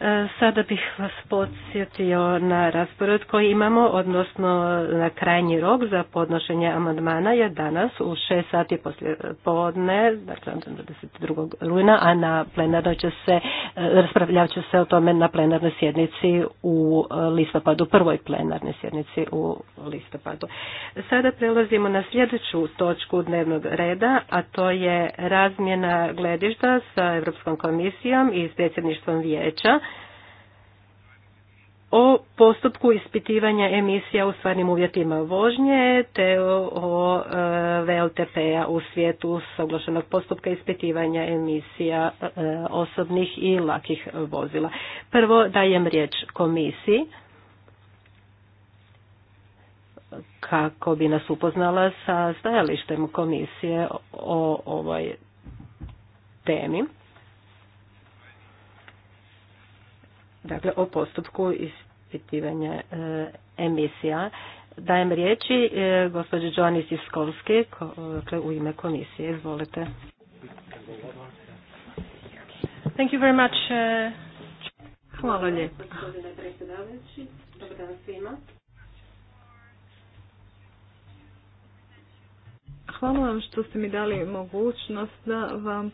E, sada bih vas podsjetio na raspored koji imamo, odnosno na krajnji rok za podnošenje amandmana je danas u 6 sati poslije podne, dakle 22. rujna, a na plenarnoj će se, e, raspravljat će se o tome na plenarnoj sjednici u e, listopadu, prvoj plenarnoj sjednici u listopadu. Sada prelazimo na sljedeću točku dnevnog reda, a to je razmjena gledišta sa Europskom komisijom i s predsjedništvom vijeća o postupku ispitivanja emisija u stvarnim uvjetima vožnje te o e, VLTP-a u svijetu soglašenog postupka ispitivanja emisija e, osobnih i lakih vozila. Prvo dajem riječ komisiji kako bi nas upoznala sa stajalištem komisije o ovoj temi dakle o postupku ispitivanje e, emisija. Dajem riječi e, gospođi Joani Siskovski dakle, u ime komisije. Izvolite. Thank you very much. E. Hvala lijepo. Hvala vam što ste mi dali mogućnost da vam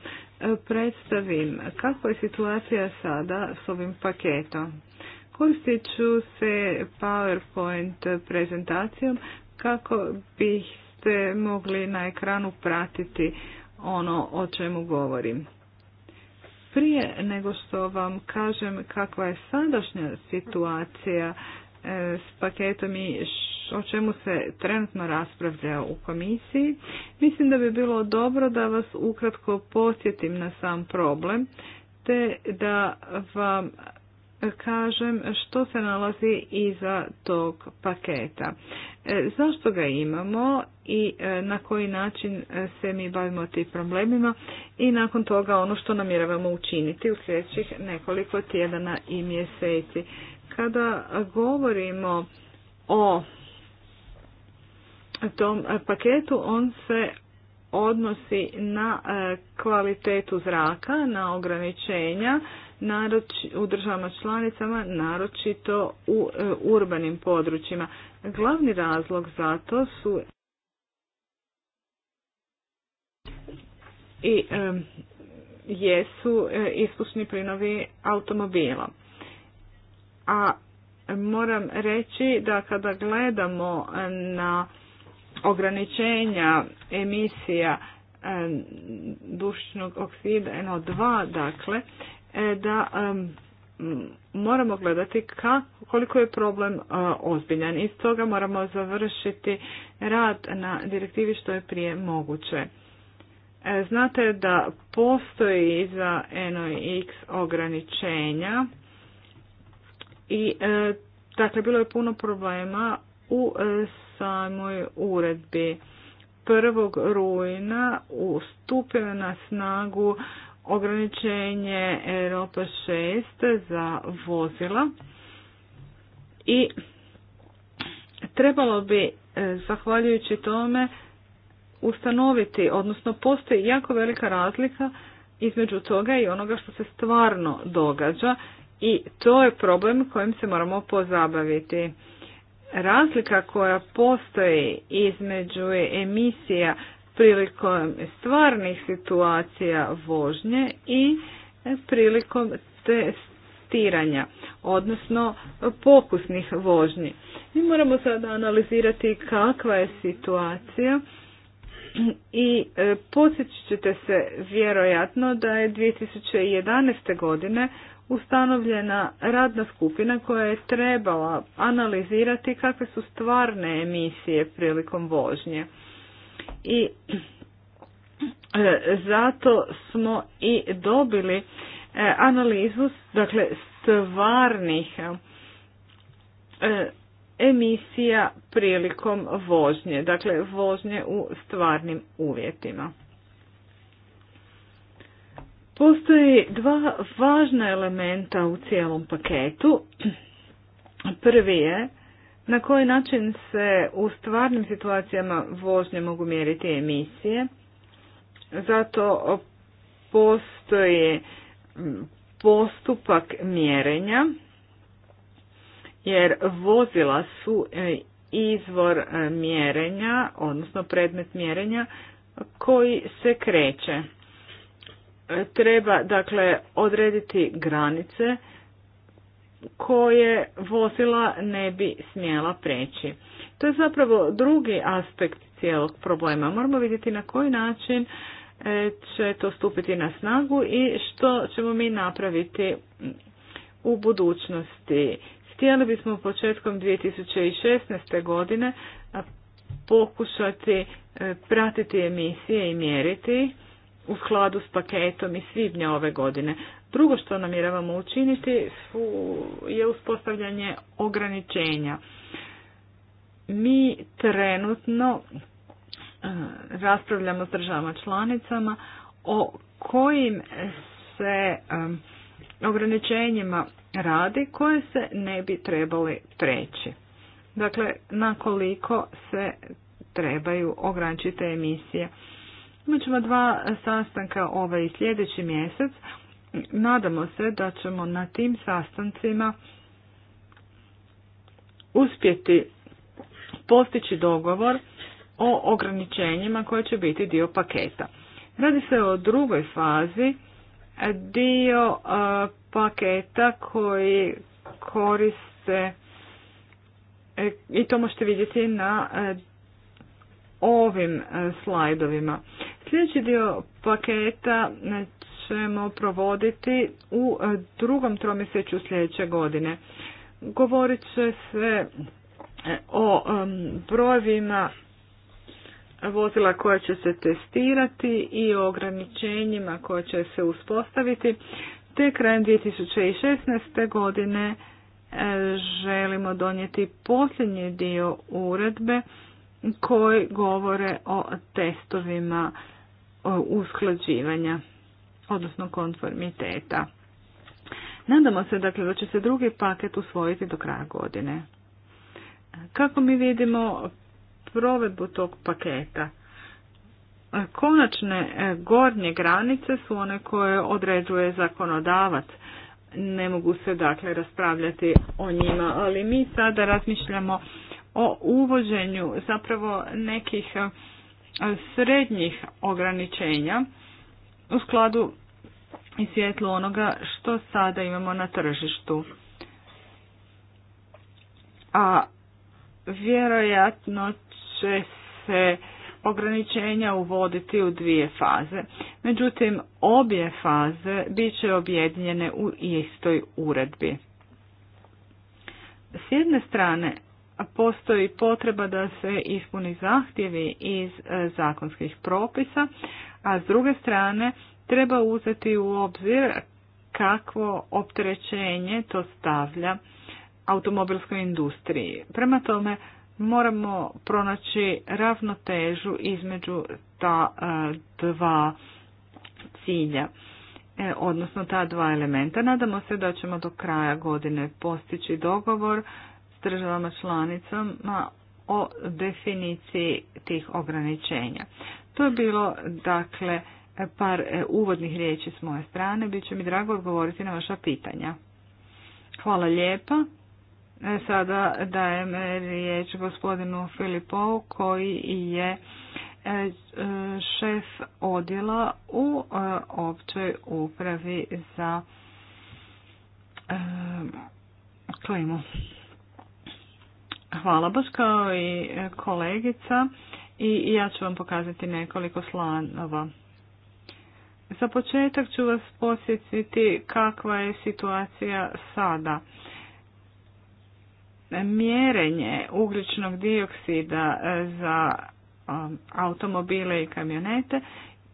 predstavim kakva je situacija sada s ovim paketom. Koristit ću se PowerPoint prezentacijom kako biste mogli na ekranu pratiti ono o čemu govorim. Prije nego što vam kažem kakva je sadašnja situacija e, s paketom i o čemu se trenutno raspravlja u komisiji, mislim da bi bilo dobro da vas ukratko posjetim na sam problem, te da vam kažem što se nalazi iza tog paketa. E, zašto ga imamo i e, na koji način e, se mi bavimo tim problemima i nakon toga ono što namjeravamo učiniti u sljedećih nekoliko tjedana i mjeseci. Kada govorimo o tom paketu, on se odnosi na kvalitetu zraka, na ograničenja, naroči, u državama članicama, naročito u e, urbanim područjima. Glavni razlog za to su i e, jesu e, ispušni plinovi automobila. A moram reći da kada gledamo na ograničenja emisija dušnog oksida NO2, dakle, e, da moramo gledati koliko je problem e, ozbiljan. Iz toga moramo završiti rad na direktivi što je prije moguće. E, znate da postoji za NOx ograničenja i dakle bilo je puno problema u samoj uredbi. Prvog rujna ustupio na snagu ograničenje Europa 6 za vozila i trebalo bi e, zahvaljujući tome ustanoviti, odnosno postoji jako velika razlika između toga i onoga što se stvarno događa i to je problem kojim se moramo pozabaviti razlika koja postoji između emisija prilikom stvarnih situacija vožnje i prilikom testiranja, odnosno pokusnih vožnji. Mi moramo sada analizirati kakva je situacija i e, posjećit se vjerojatno da je 2011. godine ustanovljena radna skupina koja je trebala analizirati kakve su stvarne emisije prilikom vožnje. I e, zato smo i dobili e, analizu dakle stvarnih e, emisija prilikom vožnje, dakle vožnje u stvarnim uvjetima. Postoji dva važna elementa u cijelom paketu. Prvi je na koji način se u stvarnim situacijama vožnje mogu mjeriti emisije. Zato postoji postupak mjerenja jer vozila su e, izvor e, mjerenja, odnosno predmet mjerenja koji se kreće treba dakle odrediti granice koje vozila ne bi smjela preći. To je zapravo drugi aspekt cijelog problema. Moramo vidjeti na koji način e, će to stupiti na snagu i što ćemo mi napraviti u budućnosti. Htjeli bismo početkom 2016. godine pokušati e, pratiti emisije i mjeriti u skladu s paketom iz svibnja ove godine. Drugo što namjeravamo učiniti je uspostavljanje ograničenja. Mi trenutno e, raspravljamo s državama članicama o kojim se e, ograničenjima radi koje se ne bi trebali preći. Dakle, na koliko se trebaju ograničiti emisije Imat ćemo dva sastanka ovaj i sljedeći mjesec. Nadamo se da ćemo na tim sastancima uspjeti postići dogovor o ograničenjima koje će biti dio paketa. Radi se o drugoj fazi, dio paketa koji koriste e, i to možete vidjeti na e, ovim e, slajdovima. Sljedeći dio paketa ćemo provoditi u e, drugom tromjeseću sljedeće godine. Govorit će se e, o e, brojevima vozila koja će se testirati i o ograničenjima koja će se uspostaviti, te krajem 2016. godine želimo donijeti posljednji dio uredbe koji govore o testovima E, usklađivanja, odnosno konformiteta. Nadamo se dakle da će se drugi paket usvojiti do kraja godine. Kako mi vidimo provedbu tog paketa? Konačne e, gornje granice su one koje određuje zakonodavac. Ne mogu se dakle raspravljati o njima, ali mi sada razmišljamo o uvođenju zapravo nekih e, srednjih ograničenja u skladu i svjetlu onoga što sada imamo na tržištu. A vjerojatno će se ograničenja uvoditi u dvije faze. Međutim, obje faze bit će objedinjene u istoj uredbi. S jedne strane postoji potreba da se ispuni zahtjevi iz e, zakonskih propisa, a s druge strane treba uzeti u obzir kakvo opterećenje to stavlja automobilskoj industriji. Prema tome moramo pronaći ravnotežu između ta e, dva cilja e, odnosno ta dva elementa. Nadamo se da ćemo do kraja godine postići dogovor državama članicama o definiciji tih ograničenja. To je bilo, dakle, par e, uvodnih riječi s moje strane. Biće mi drago odgovoriti na vaša pitanja. Hvala lijepa. E, sada dajem riječ gospodinu Filipovu koji je e, šef odjela u općoj upravi za klimu. Hvala baš kao i e, kolegica i ja ću vam pokazati nekoliko slanova. Za početak ću vas posjetiti kakva je situacija sada. Mjerenje ugljičnog dioksida e, za e, automobile i kamionete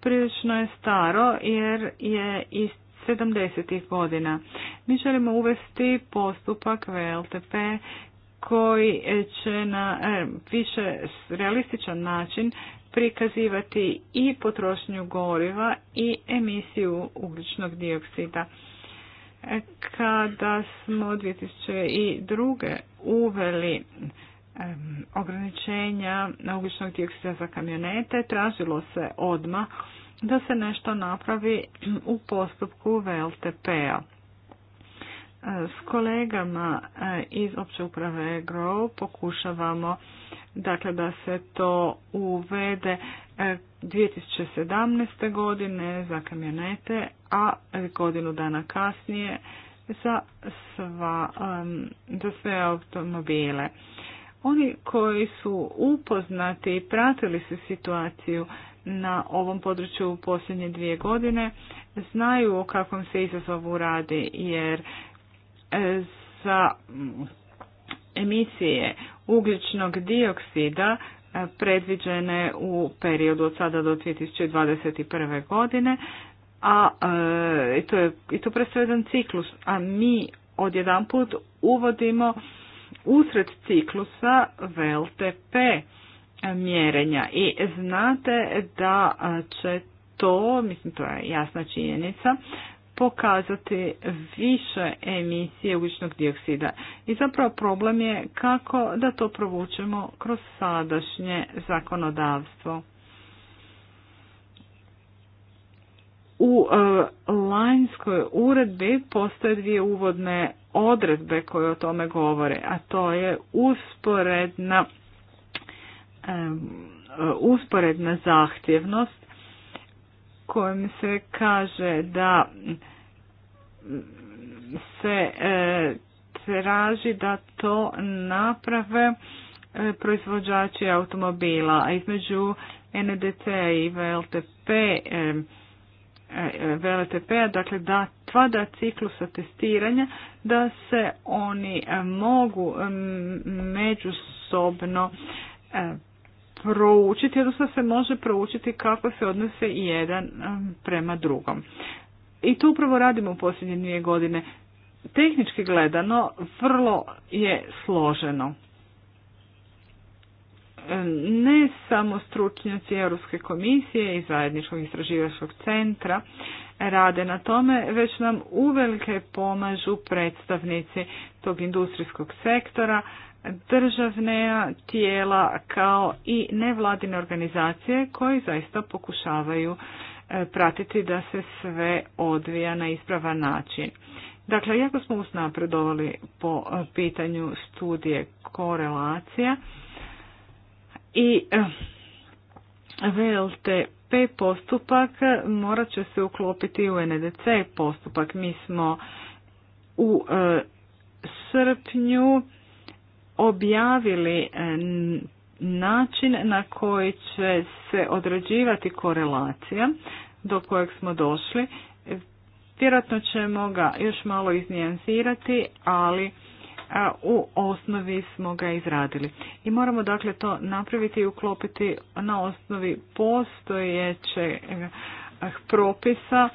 prilično je staro jer je iz 70. godina. Mi želimo uvesti postupak VLTP koji će na e, više realističan način prikazivati i potrošnju goriva i emisiju ugljičnog dioksida. E, kada smo 2002. uveli ograničenja ugljičnog dioksida za kamionete, tražilo se odmah da se nešto napravi u postupku VLTP-a. S kolegama eh, iz opće uprave GROW pokušavamo dakle, da se to uvede 2017. Eh, godine za kamionete, a godinu dana kasnije za, sva, za sve automobile. Oni koji su upoznati i pratili su situaciju na ovom području u posljednje dvije godine znaju o kakvom se izazovu radi jer E, sa emisije ugljičnog dioksida e, predviđene u periodu od sada do 2021. godine, a e, i to, i to predstavlja jedan ciklus, a mi odjedanput uvodimo usred ciklusa VLTP mjerenja i znate da će to, mislim to je jasna činjenica, pokazati više emisije ugljičnog dioksida. I zapravo problem je kako da to provučemo kroz sadašnje zakonodavstvo. U e, lanjskoj uredbi postoje dvije uvodne odredbe koje o tome govore, a to je usporedna, e, usporedna zahtjevnost kojim se kaže da se e, traži da to naprave e, proizvođači automobila, a između NDC i VLTP e, a e, dakle da dva da ciklusa testiranja, da se oni e, mogu međusobno proučiti, odnosno se može proučiti kako se odnose jedan prema drugom. I to upravo radimo u posljednje dvije godine. Tehnički gledano, vrlo je složeno. Ne samo stručnjaci Europske komisije i zajedničkog istraživačkog centra rade na tome, već nam uvelike pomažu predstavnici tog industrijskog sektora, državne tijela kao i nevladine organizacije koji zaista pokušavaju e, pratiti da se sve odvija na ispravan način. Dakle, jako smo usnapredovali po e, pitanju studije korelacija i e, VLTP postupak morat će se uklopiti u NDC postupak. Mi smo u srpnju objavili e, način na koji će se određivati korelacija do kojeg smo došli. Vjerojatno ćemo ga još malo iznijansirati, ali e, u osnovi smo ga izradili. I moramo dakle to napraviti i uklopiti na osnovi postojećeg e, propisa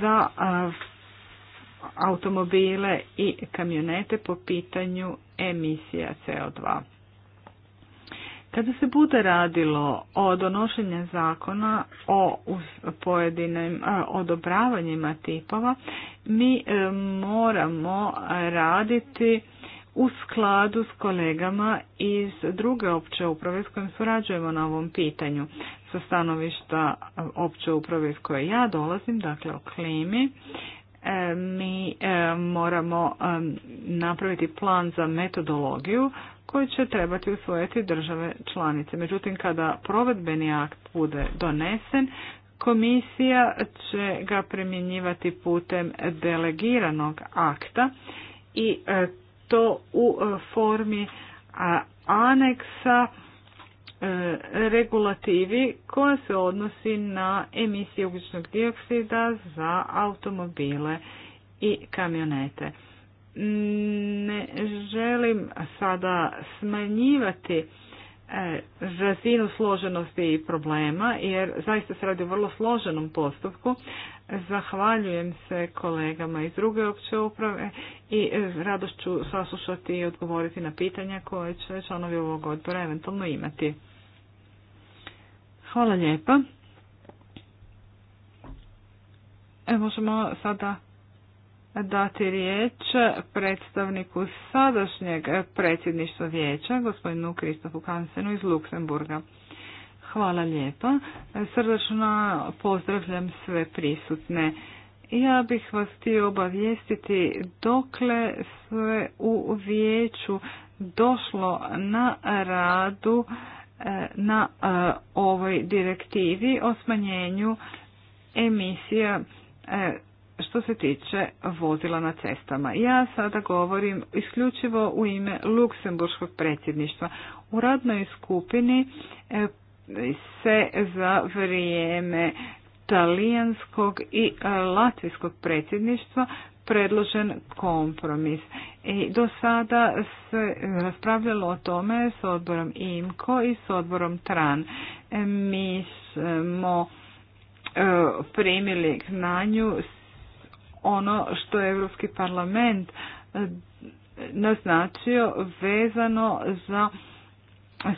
za automobile i kamionete po pitanju emisija CO2. Kada se bude radilo o donošenju zakona o pojedinim odobravanjima tipova, mi e, moramo raditi u skladu s kolegama iz druge opće uprave s kojim surađujemo na ovom pitanju. Sa stanovišta opće uprave iz koje ja dolazim, dakle o klimi, E, mi e, moramo e, napraviti plan za metodologiju koji će trebati usvojiti države članice. Međutim, kada provedbeni akt bude donesen, komisija će ga primjenjivati putem delegiranog akta i to u formi aneksa E, regulativi koja se odnosi na emisije ugljičnog dioksida za automobile i kamionete. Ne želim sada smanjivati e, razinu složenosti i problema, jer zaista se radi o vrlo složenom postupku. Zahvaljujem se kolegama iz druge opće uprave i rado ću saslušati i odgovoriti na pitanja koje će članovi ovog odbora eventualno imati. Hvala lijepa. E, možemo sada dati riječ predstavniku sadašnjeg predsjedništva vijeća, gospodinu Kristofu Kansenu iz Luksemburga. Hvala lijepa. Srdačno pozdravljam sve prisutne. Ja bih vas htio obavijestiti dokle sve u vijeću došlo na radu E, na e, ovoj direktivi o smanjenju emisija e, što se tiče vozila na cestama. Ja sada govorim isključivo u ime Luksemburškog predsjedništva. U radnoj skupini se za vrijeme talijanskog i latvijskog predsjedništva predložen kompromis. I do sada se raspravljalo o tome s odborom IMKO i s odborom TRAN. E, mi smo e, primili k nanju ono što je Europski parlament e, naznačio vezano za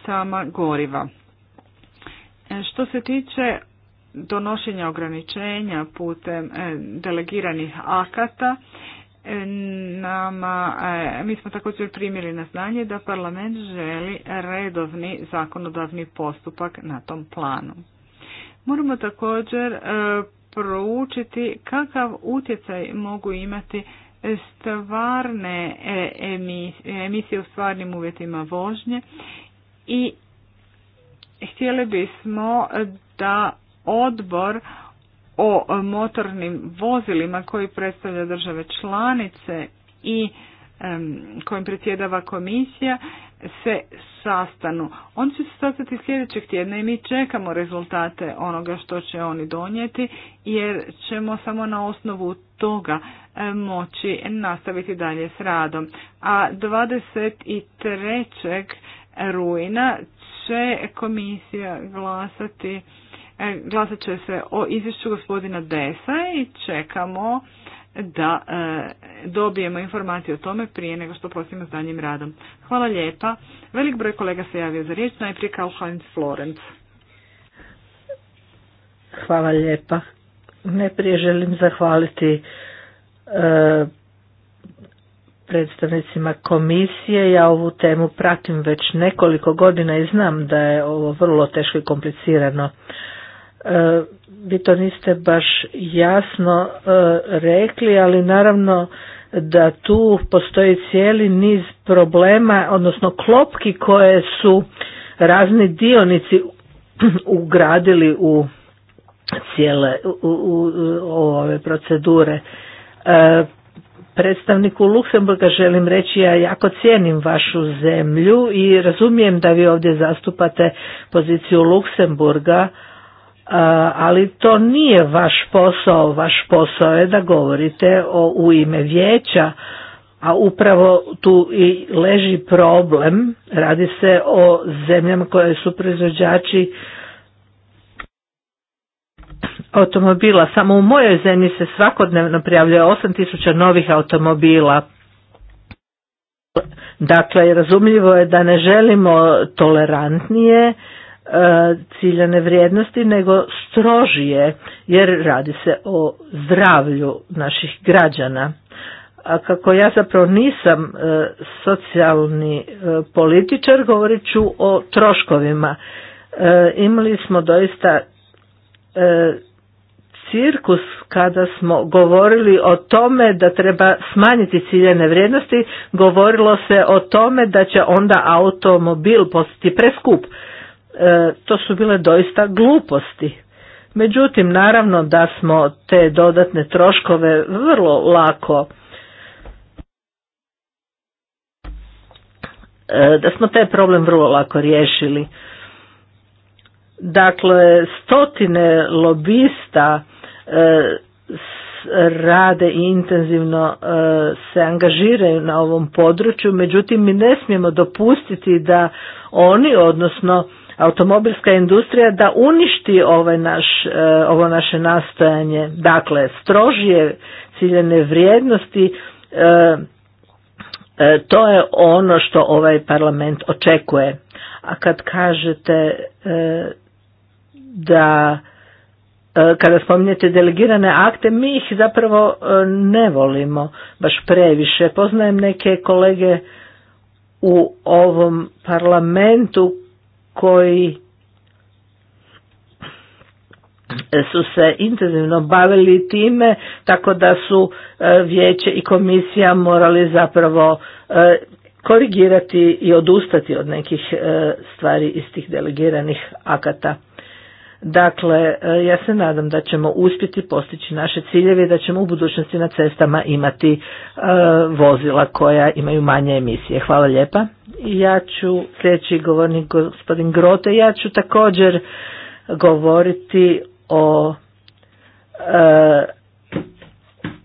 sama goriva. Što se tiče donošenja ograničenja putem e, delegiranih akata e, nama, e, mi smo također primjeli na znanje da parlament želi redovni zakonodavni postupak na tom planu. Moramo također proučiti kakav utjecaj mogu imati stvarne emisije u stvarnim uvjetima vožnje i htjeli bismo da odbor o motornim vozilima koji predstavlja države članice i kojim predsjedava komisija se sastanu. On će se sastati sljedećeg tjedna i mi čekamo rezultate onoga što će oni donijeti jer ćemo samo na osnovu toga moći nastaviti dalje s radom. A 23. rujna će komisija glasati E, glasat će se o izvješću gospodina Desa i čekamo da e, dobijemo informacije o tome prije nego što prosimo s danjim radom. Hvala lijepa. Velik broj kolega se javio za riječ, najprije kao Heinz Florenc. Hvala lijepa. Najprije želim zahvaliti e, predstavnicima komisije. Ja ovu temu pratim već nekoliko godina i znam da je ovo vrlo teško i komplicirano. E, vi to niste baš jasno e, rekli, ali naravno da tu postoji cijeli niz problema, odnosno klopki koje su razni dionici [clears throat] ugradili u cijele u, u, ove procedure. E, predstavniku Luksemburga želim reći ja jako cijenim vašu zemlju i razumijem da vi ovdje zastupate poziciju Luksemburga, ali to nije vaš posao, vaš posao je da govorite o, u ime vijeća, a upravo tu i leži problem, radi se o zemljama koje su proizvođači automobila. Samo u mojoj zemlji se svakodnevno prijavljuje 8000 novih automobila. Dakle, razumljivo je da ne želimo tolerantnije, ciljane vrijednosti nego strožije jer radi se o zdravlju naših građana. A kako ja zapravo nisam e, socijalni e, političar, govorit ću o troškovima. E, imali smo doista cirkus kada smo govorili o tome da treba smanjiti ciljene vrijednosti, govorilo se o tome da će onda automobil postati preskup. E, to su bile doista gluposti. Međutim, naravno da smo te dodatne troškove vrlo lako e, da smo taj problem vrlo lako riješili. Dakle, stotine lobista e, rade i intenzivno se angažiraju na ovom području, međutim mi ne smijemo dopustiti da oni, odnosno automobilska industrija da uništi ovaj naš, e, ovo naše nastojanje. Dakle, strožije ciljene vrijednosti, e, e, to je ono što ovaj parlament očekuje. A kad kažete da kada spominjete delegirane akte, mi ih zapravo ne volimo baš previše. Poznajem neke kolege u ovom parlamentu koji su se intenzivno bavili time tako da su e, vijeće i komisija morali zapravo e, korigirati i odustati od nekih e, stvari iz tih delegiranih akata. Dakle, e, ja se nadam da ćemo uspjeti postići naše ciljeve i da ćemo u budućnosti na cestama imati e, vozila koja imaju manje emisije. Hvala lijepa. Ja ću, sljedeći govornik gospodin Grote, ja ću također govoriti o e,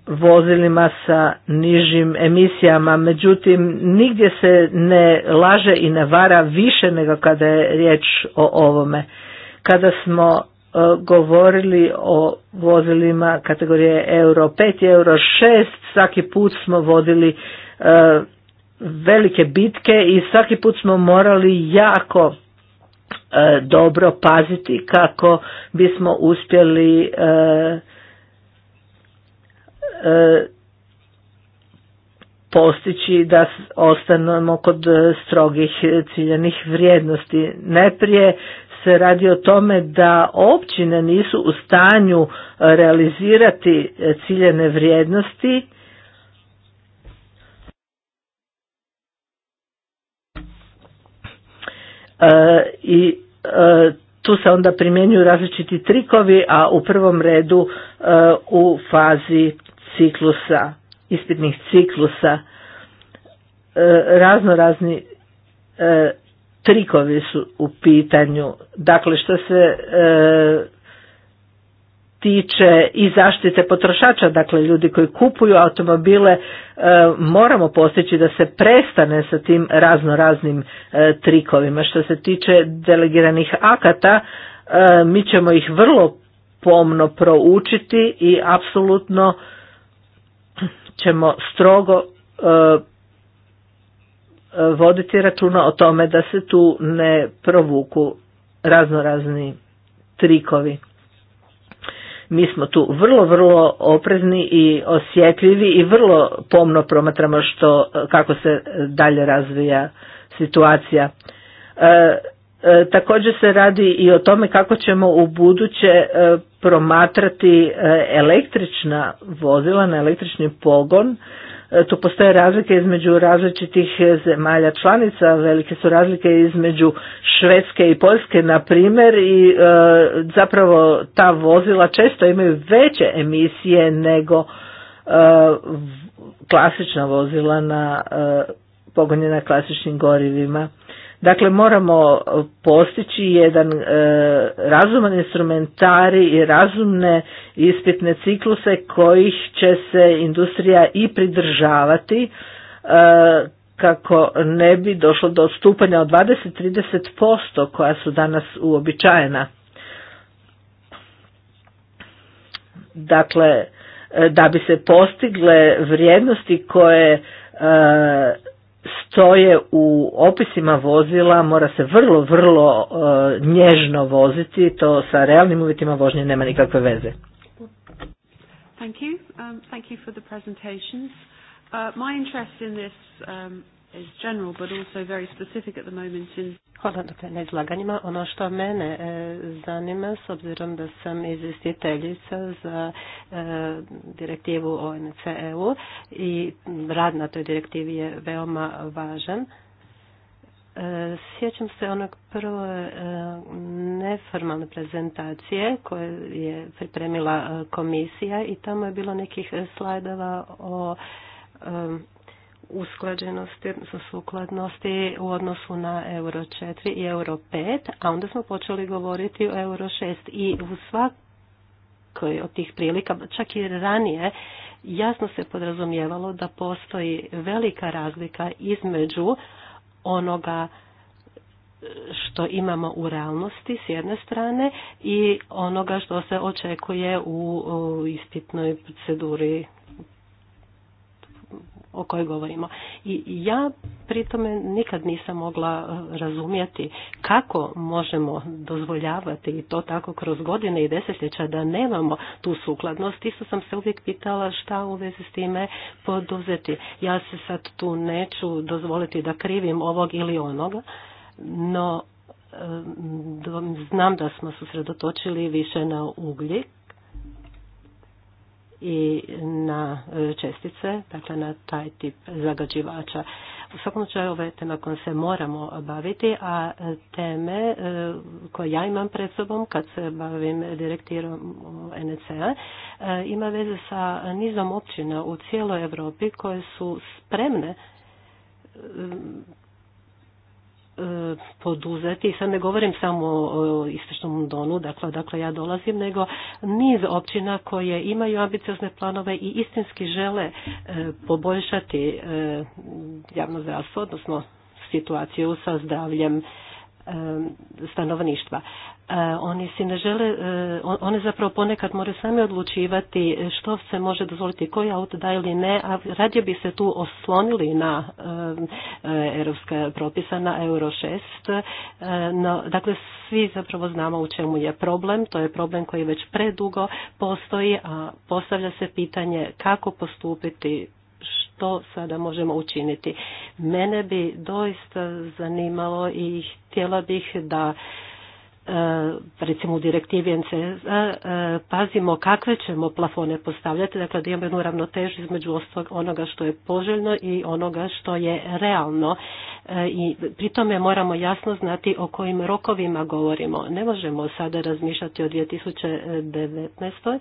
vozilima sa nižim emisijama, međutim nigdje se ne laže i ne vara više nego kada je riječ o ovome kada smo e, govorili o vozilima kategorije Euro 5 i Euro 6, svaki put smo vodili e, velike bitke i svaki put smo morali jako e, dobro paziti kako bismo uspjeli postići da ostanemo kod strogih ciljenih vrijednosti. Neprije se radi o tome da općine nisu u stanju e, realizirati e, ciljene vrijednosti, e, i tu se onda primjenjuju različiti trikovi, a u prvom redu u fazi ciklusa, ispitnih ciklusa, razno razni trikovi su u pitanju. Dakle, što se e, tiče i zaštite potrošača, dakle ljudi koji kupuju automobile, e, moramo postići da se prestane sa tim razno raznim e, trikovima. Što se tiče delegiranih akata, e, mi ćemo ih vrlo pomno proučiti i apsolutno ćemo strogo voditi računa o tome da se tu ne provuku raznorazni trikovi. Mi smo tu vrlo, vrlo oprezni i osjetljivi i vrlo pomno promatramo što, kako se dalje razvija situacija. E, e također se radi i o tome kako ćemo u buduće e, promatrati e, električna vozila na električni pogon E, tu postoje razlike između različitih e, zemalja članica, velike su razlike između Švedske i Poljske na primjer i e, zapravo ta vozila često imaju veće emisije nego klasična vozila na pogonjena klasičnim gorivima. Dakle, moramo postići jedan e, razuman instrumentari i razumne ispitne cikluse kojih će se industrija i pridržavati e, kako ne bi došlo do odstupanja od 20-30% koja su danas uobičajena. Dakle, e, da bi se postigle vrijednosti koje stoje u opisima vozila mora se vrlo, vrlo e, nježno voziti, to sa realnim uvjetima vožnje nema nikakve veze. Thank you. Um, thank you for the presentations. Uh, my interest in this um, Hvala dakle, na izlaganjima. Ono što mene e, zanima, s obzirom da sam izvjestiteljica za e, direktivu once i rad na toj direktivi je veoma važan. E, sjećam se onog prvo neformalne prezentacije koje je pripremila komisija i tamo je bilo nekih slajdova o usklađenosti, odnosno sukladnosti u odnosu na euro 4 i euro 5, a onda smo počeli govoriti o euro 6 i u svakoj od tih prilika, čak i ranije, jasno se podrazumijevalo da postoji velika razlika između onoga e, što imamo u realnosti s jedne strane i onoga što se očekuje u ispitnoj proceduri o kojoj govorimo. I ja pri tome nikad nisam mogla e, razumjeti kako možemo dozvoljavati i to tako kroz godine i desetljeća da nemamo tu sukladnost. Isto sam se uvijek pitala šta u vezi s time poduzeti. Ja se sad tu neću dozvoliti da krivim ovog ili onoga, no e, znam da smo susredotočili više na ugljik i na e, čestice, dakle na taj tip zagađivača. U svakom slučaju ove tema kojom se moramo baviti, a teme e, koje ja imam pred sobom kad se bavim direktirom NEC-a e, ima veze sa nizom općina u cijeloj Europi koje su spremne poduzeti. Sad ne govorim samo o istočnom donu, dakle, dakle ja dolazim, nego niz općina koje imaju ambiciozne planove i istinski žele e, poboljšati e, javno zdravstvo, odnosno situaciju sa zdravljem e, stanovništva. E, oni si ne žele, e, one zapravo ponekad moraju sami odlučivati što se može dozvoliti, koji auto da ili ne, a radije bi se tu oslonili na e, europska propisa, na Euro 6. No, dakle, svi zapravo znamo u čemu je problem, to je problem koji već predugo postoji, a postavlja se pitanje kako postupiti što sada možemo učiniti. Mene bi doista zanimalo i htjela bih da recimo u direktivi e, pazimo kakve ćemo plafone postavljati, dakle da imamo jednu ravnotežu između onoga što je poželjno i onoga što je realno e, i pri tome moramo jasno znati o kojim rokovima govorimo. Ne možemo sada razmišljati o 2019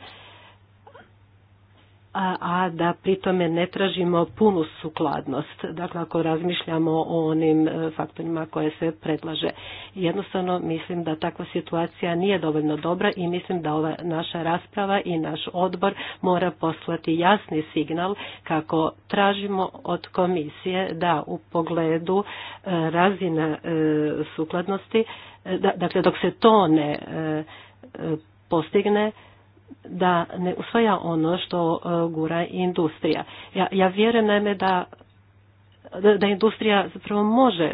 a da pritome ne tražimo punu sukladnost. Dakle, ako razmišljamo o onim e, faktorima koje se predlaže. Jednostavno mislim da takva situacija nije dovoljno dobra i mislim da ova naša rasprava i naš odbor mora poslati jasni signal kako tražimo od komisije da u pogledu e, razina e, sukladnosti, dakle dok se to ne postigne, da ne usvaja ono što e, gura industrija. Ja, ja vjerujem naime da, da industrija zapravo može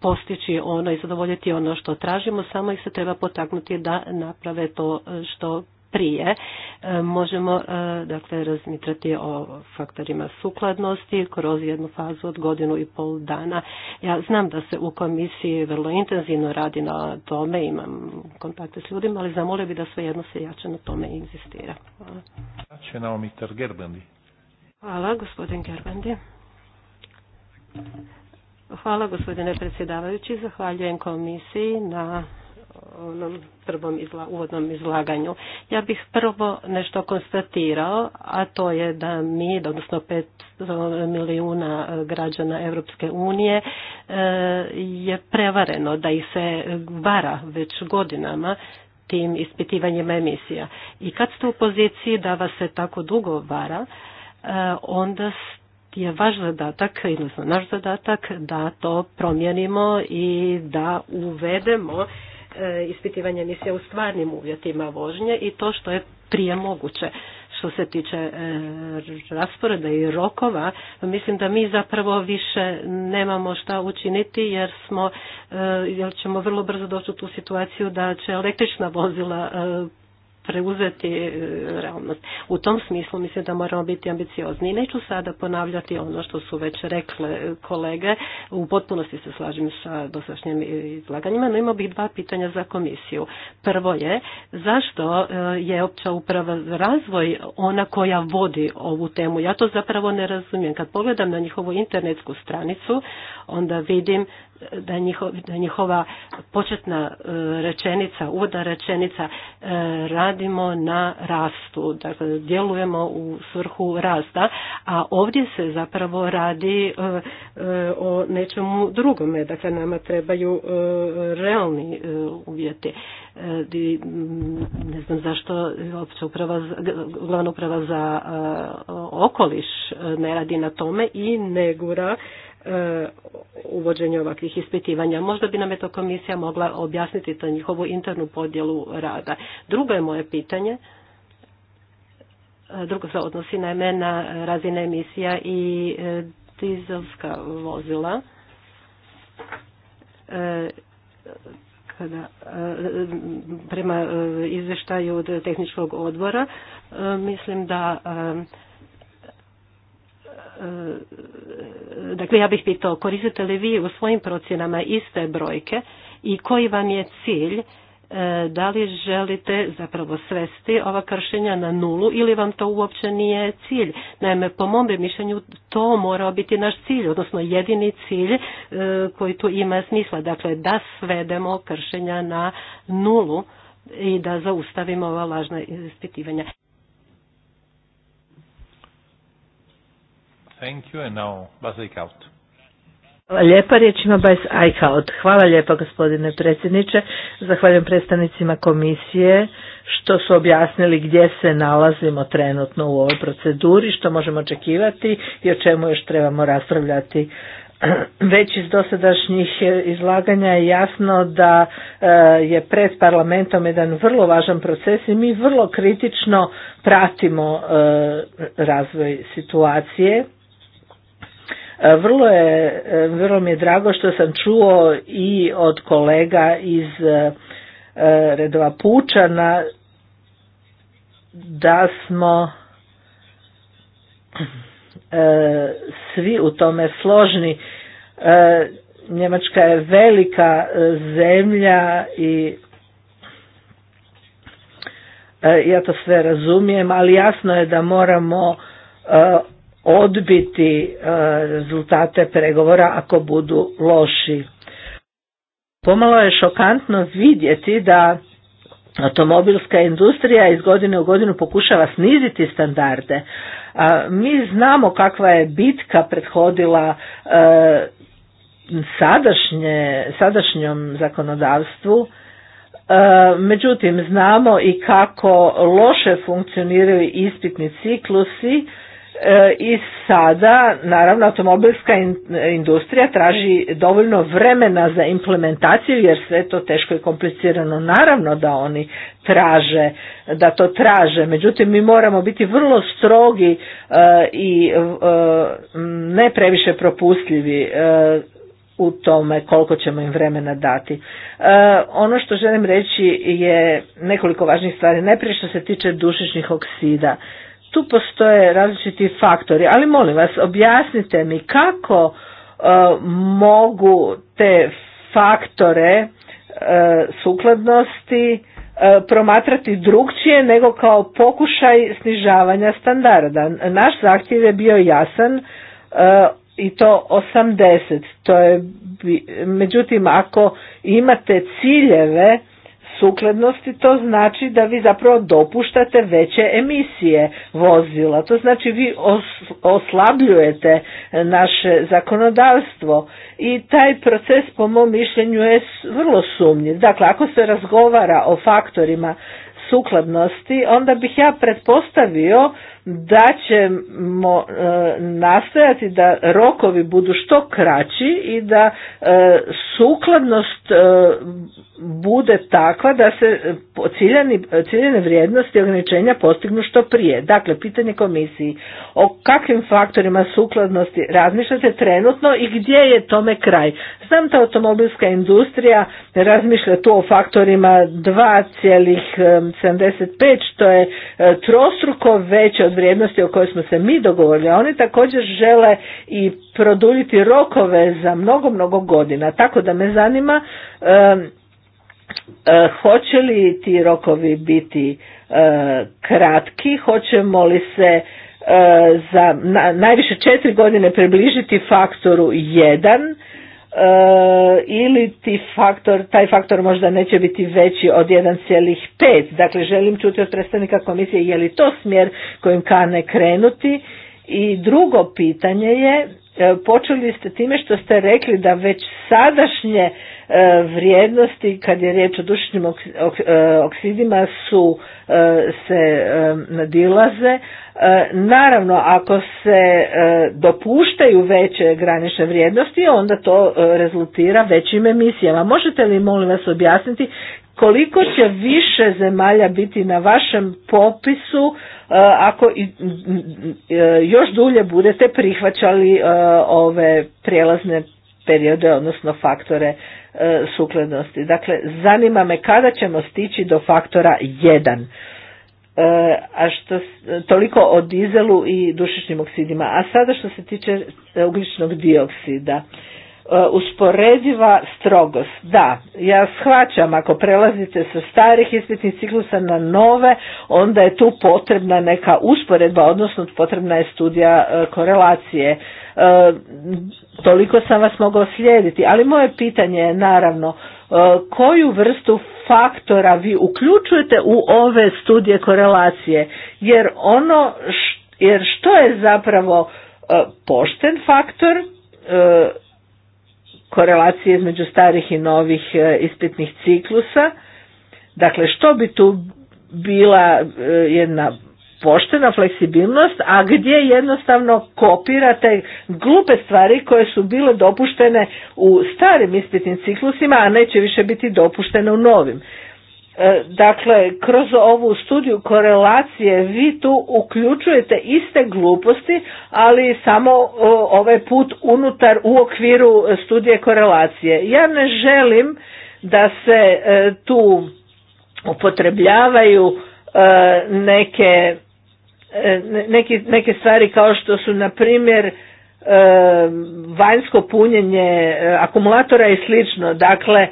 postići ono i zadovoljiti ono što tražimo, samo ih se treba potaknuti da naprave to što prije. E, možemo e, dakle razmitrati o faktorima sukladnosti kroz jednu fazu od godinu i pol dana. Ja znam da se u komisiji vrlo intenzivno radi na tome, imam kontakte s ljudima, ali zamolio bi da svejedno se jače na tome inzistira. Hvala. Hvala, gospodin Gerbandi. Hvala, gospodine predsjedavajući. Zahvaljujem komisiji na onom prvom izla, uvodnom izlaganju. Ja bih prvo nešto konstatirao, a to je da mi, odnosno 5 milijuna e, građana Europske unije e, je prevareno, da ih se vara već godinama tim ispitivanjem emisija. I kad ste u poziciji da vas se tako dugo vara, e, onda je vaš zadatak, odnosno naš zadatak da to promijenimo i da uvedemo E, ispitivanje emisija u stvarnim uvjetima vožnje i to što je prije moguće. Što se tiče e, rasporeda i rokova, mislim da mi zapravo više nemamo šta učiniti jer smo, e, jer ćemo vrlo brzo doći u tu situaciju da će električna vozila preuzeti e, realnost. U tom smislu mislim da moramo biti ambiciozni. I Neću sada ponavljati ono što su već rekle kolege. U potpunosti se slažem sa dosadašnjim izlaganjima, no imao bih dva pitanja za komisiju. Prvo je, zašto e, je opća uprava za razvoj ona koja vodi ovu temu? Ja to zapravo ne razumijem. Kad pogledam na njihovu internetsku stranicu, onda vidim da, njiho, njihova početna e, rečenica, uvodna rečenica e, radimo na rastu, dakle djelujemo u svrhu rasta, a ovdje se zapravo radi e, o nečemu drugome, dakle nama trebaju realni uvjeti. Ne znam zašto opća uprava, glavna uprava za okoliš ne radi na tome i ne gura E, uvođenju ovakvih ispitivanja. Možda bi nam je to komisija mogla objasniti to njihovu internu podjelu rada. Drugo je moje pitanje, e, drugo se odnosi naime na razine emisija i e, dizelska vozila. Kada, prema izvještaju od tehničkog odbora mislim da dakle ja bih pitao koristite li vi u svojim procjenama iste brojke i koji vam je cilj e, da li želite zapravo svesti ova kršenja na nulu ili vam to uopće nije cilj. Naime, po mom mišljenju to mora biti naš cilj, odnosno jedini cilj e, koji tu ima smisla, dakle da svedemo kršenja na nulu i da zaustavimo ova lažna ispitivanja. Hvala lijepa, riječ ima Bajs Hvala lijepa gospodine predsjedniče. Zahvaljujem predstavnicima komisije što su objasnili gdje se nalazimo trenutno u ovoj proceduri, što možemo očekivati i o čemu još trebamo raspravljati. [clears throat] Već iz dosadašnjih izlaganja je jasno da e, je pred parlamentom jedan vrlo važan proces i mi vrlo kritično pratimo e, razvoj situacije E, vrlo, je, e, vrlo mi je drago što sam čuo i od kolega iz e, redova Pučana da smo svi u tome složni. Njemačka je velika zemlja i ja to sve razumijem, ali jasno je da moramo odbiti e, rezultate pregovora ako budu loši. Pomalo je šokantno vidjeti da automobilska industrija iz godine u godinu pokušava sniziti standarde. mi znamo kakva je bitka prethodila e, sadašnje, sadašnjom zakonodavstvu, e, međutim znamo i kako loše funkcioniraju ispitni ciklusi E, i sada naravno automobilska industrija traži dovoljno vremena za implementaciju jer sve to teško i komplicirano naravno da oni traže da to traže međutim mi moramo biti vrlo strogi e, i e, ne previše propustljivi u tome koliko ćemo im vremena dati. ono što želim reći je nekoliko važnih stvari. Najprije što se tiče dušičnih oksida tu postoje različiti faktori, ali molim vas objasnite mi kako e, mogu te faktore e, sukladnosti e, promatrati drugčije nego kao pokušaj snižavanja standarda. Naš zahtjev je bio jasan i to 80. To je, međutim, ako imate ciljeve sukladnosti, to znači da vi zapravo dopuštate veće emisije vozila. To znači vi oslabljujete naše zakonodavstvo i taj proces po mom mišljenju je vrlo sumnjiv. Dakle, ako se razgovara o faktorima sukladnosti, onda bih ja pretpostavio da ćemo e, nastojati da rokovi budu što kraći i da e, sukladnost e, bude takva da se ciljani, ciljene vrijednosti ograničenja postignu što prije. Dakle, pitanje komisiji o kakvim faktorima sukladnosti razmišljate trenutno i gdje je tome kraj. Znam da automobilska industrija razmišlja tu o faktorima 2,75 što je trostruko veće od vrijednosti o kojoj smo se mi dogovorili, a oni također žele i produljiti rokove za mnogo, mnogo godina. Tako da me zanima e, hoće li ti rokovi biti e, kratki, hoćemo li se e, za najviše četiri godine približiti faktoru jedan Eh, ili ti faktor, taj faktor možda neće biti veći od 1,5. Dakle, želim čuti od predstavnika komisije je li to smjer kojim kane krenuti. I drugo pitanje je, eh, počeli ste time što ste rekli da već sadašnje E, vrijednosti kad je riječ o dušnim e, oksidima su e, se nadilaze. Naravno, ako se dopuštaju veće granične vrijednosti, onda to rezultira većim emisijama. Možete li, molim vas, objasniti koliko će više zemalja biti na vašem popisu ako još dulje budete prihvaćali ove prijelazne periode, odnosno faktore E, sukladnosti. Dakle, zanima me kada ćemo stići do faktora 1. E, a što, toliko o dizelu i dušičnim oksidima. A sada što se tiče e, ugljičnog dioksida. Usporediva strogost. Da, ja shvaćam ako prelazite sa starih ispitnih ciklusa na nove, onda je tu potrebna neka usporedba, odnosno potrebna je studija korelacije E, toliko sam vas mogao slijediti, ali moje pitanje je naravno e, koju vrstu faktora vi uključujete u ove studije korelacije, jer ono jer što je zapravo e, pošten faktor korelacije između starih i novih ispitnih ciklusa, dakle što bi tu bila jedna poštena fleksibilnost, a gdje jednostavno kopirate glupe stvari koje su bile dopuštene u starim ispitnim ciklusima, a neće više biti dopuštene u novim. E, dakle, kroz ovu studiju korelacije vi tu uključujete iste gluposti, ali samo e, ovaj put unutar u okviru studije korelacije. Ja ne želim da se e, tu upotrebljavaju neke E, neki, neke stvari kao što su na primjer e, vanjsko punjenje e, akumulatora i slično. Dakle,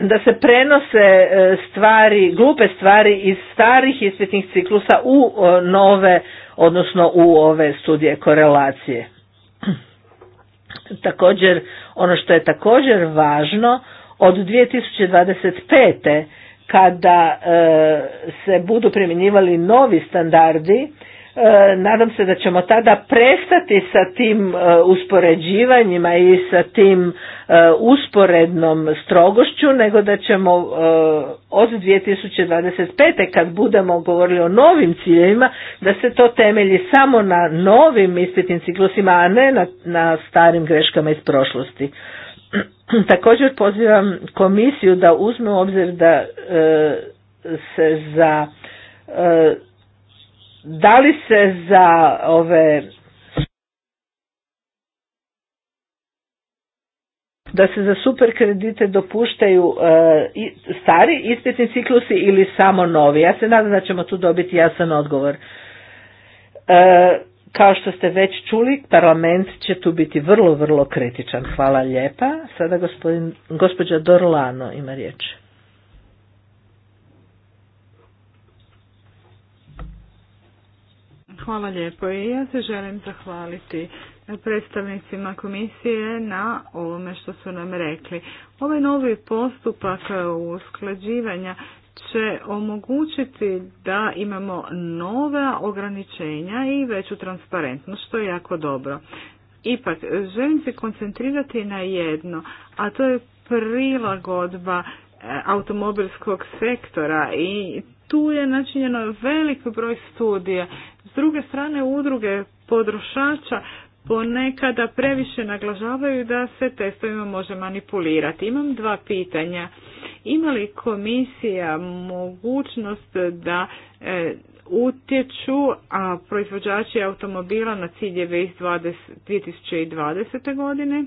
da se prenose stvari, glupe stvari iz starih ispitnih ciklusa u nove, odnosno u ove studije korelacije. Također, ono što je također važno, od 2025 kada e, se budu primjenjivali novi standardi, e, nadam se da ćemo tada prestati sa tim e, uspoređivanjima i sa tim usporednom strogošću, nego da ćemo od 2025. kad budemo govorili o novim ciljevima, da se to temelji samo na novim ispitnim ciklusima, a ne na, na starim greškama iz prošlosti. [clears throat] Također pozivam komisiju da uzme u obzir da e, se za e, da li se za ove da se za super kredite dopuštaju e, stari ispitni ciklusi ili samo novi. Ja se nadam da ćemo tu dobiti jasan odgovor. Kao što ste već čuli, parlament će tu biti vrlo, vrlo kritičan. Hvala lijepa. Sada gospodin, gospođa Dorlano ima riječ. Hvala lijepo i ja se želim zahvaliti predstavnicima komisije na ovome što su nam rekli. Ovaj novi postupak usklađivanja će omogućiti da imamo nove ograničenja i veću transparentnost, što je jako dobro. Ipak, želim se koncentrirati na jedno, a to je prilagodba e, automobilskog sektora i tu je načinjeno velik broj studija. S druge strane, udruge potrošača ponekada previše naglažavaju da se testovima može manipulirati. Imam dva pitanja. Ima li komisija mogućnost da e, utječu a proizvođači automobila na ciljeve iz 20, 2020. godine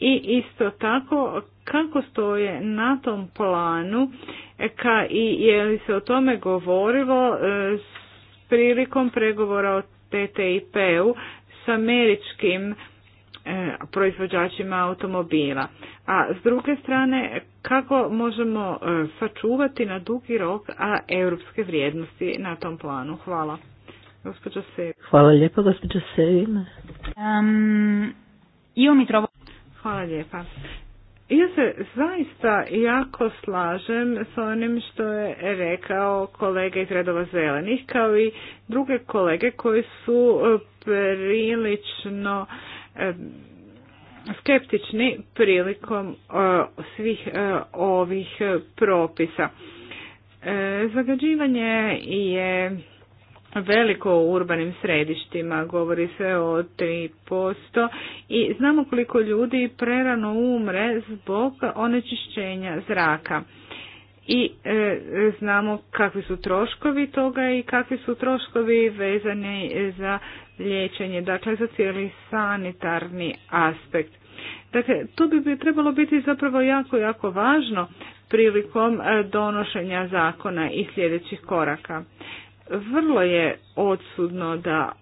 i isto tako kako stoje na tom planu e, ka i je li se o tome govorilo e, s prilikom pregovora o TTIP-u s američkim e, proizvođačima automobila. A s druge strane, kako možemo e, sačuvati na dugi rok a europske vrijednosti na tom planu? Hvala. Hvala lijepo, gospođo Sevi. Um, Hvala lijepa. Ja se zaista jako slažem s onim što je rekao kolega iz redova zelenih kao i druge kolege koji su e, prilično e, skeptični prilikom e, svih ovih propisa. Zagađivanje je veliko u urbanim središtima, govori se o 3% i znamo koliko ljudi prerano umre zbog onečišćenja zraka. I e, znamo kakvi su troškovi toga i kakvi su troškovi vezani za liječenje, dakle za cijeli sanitarni aspekt. Dakle, to bi trebalo biti zapravo jako, jako važno prilikom e, donošenja zakona i sljedećih koraka vrlo je odsudno da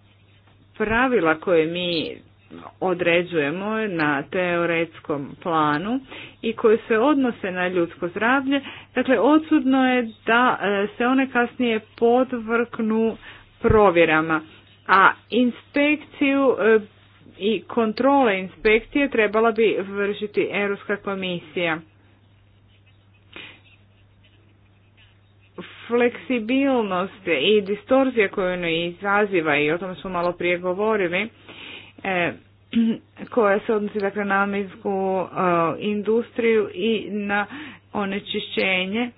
pravila koje mi određujemo na teoretskom planu i koje se odnose na ljudsko zdravlje, dakle odsudno je da e, se one kasnije podvrknu provjerama, a inspekciju e, i kontrole inspekcije trebala bi vršiti Europska komisija. fleksibilnost i distorzija koju ono izaziva i o tome smo malo prije govorili, e, koja se odnosi dakle na e, industriju i na onečišćenje,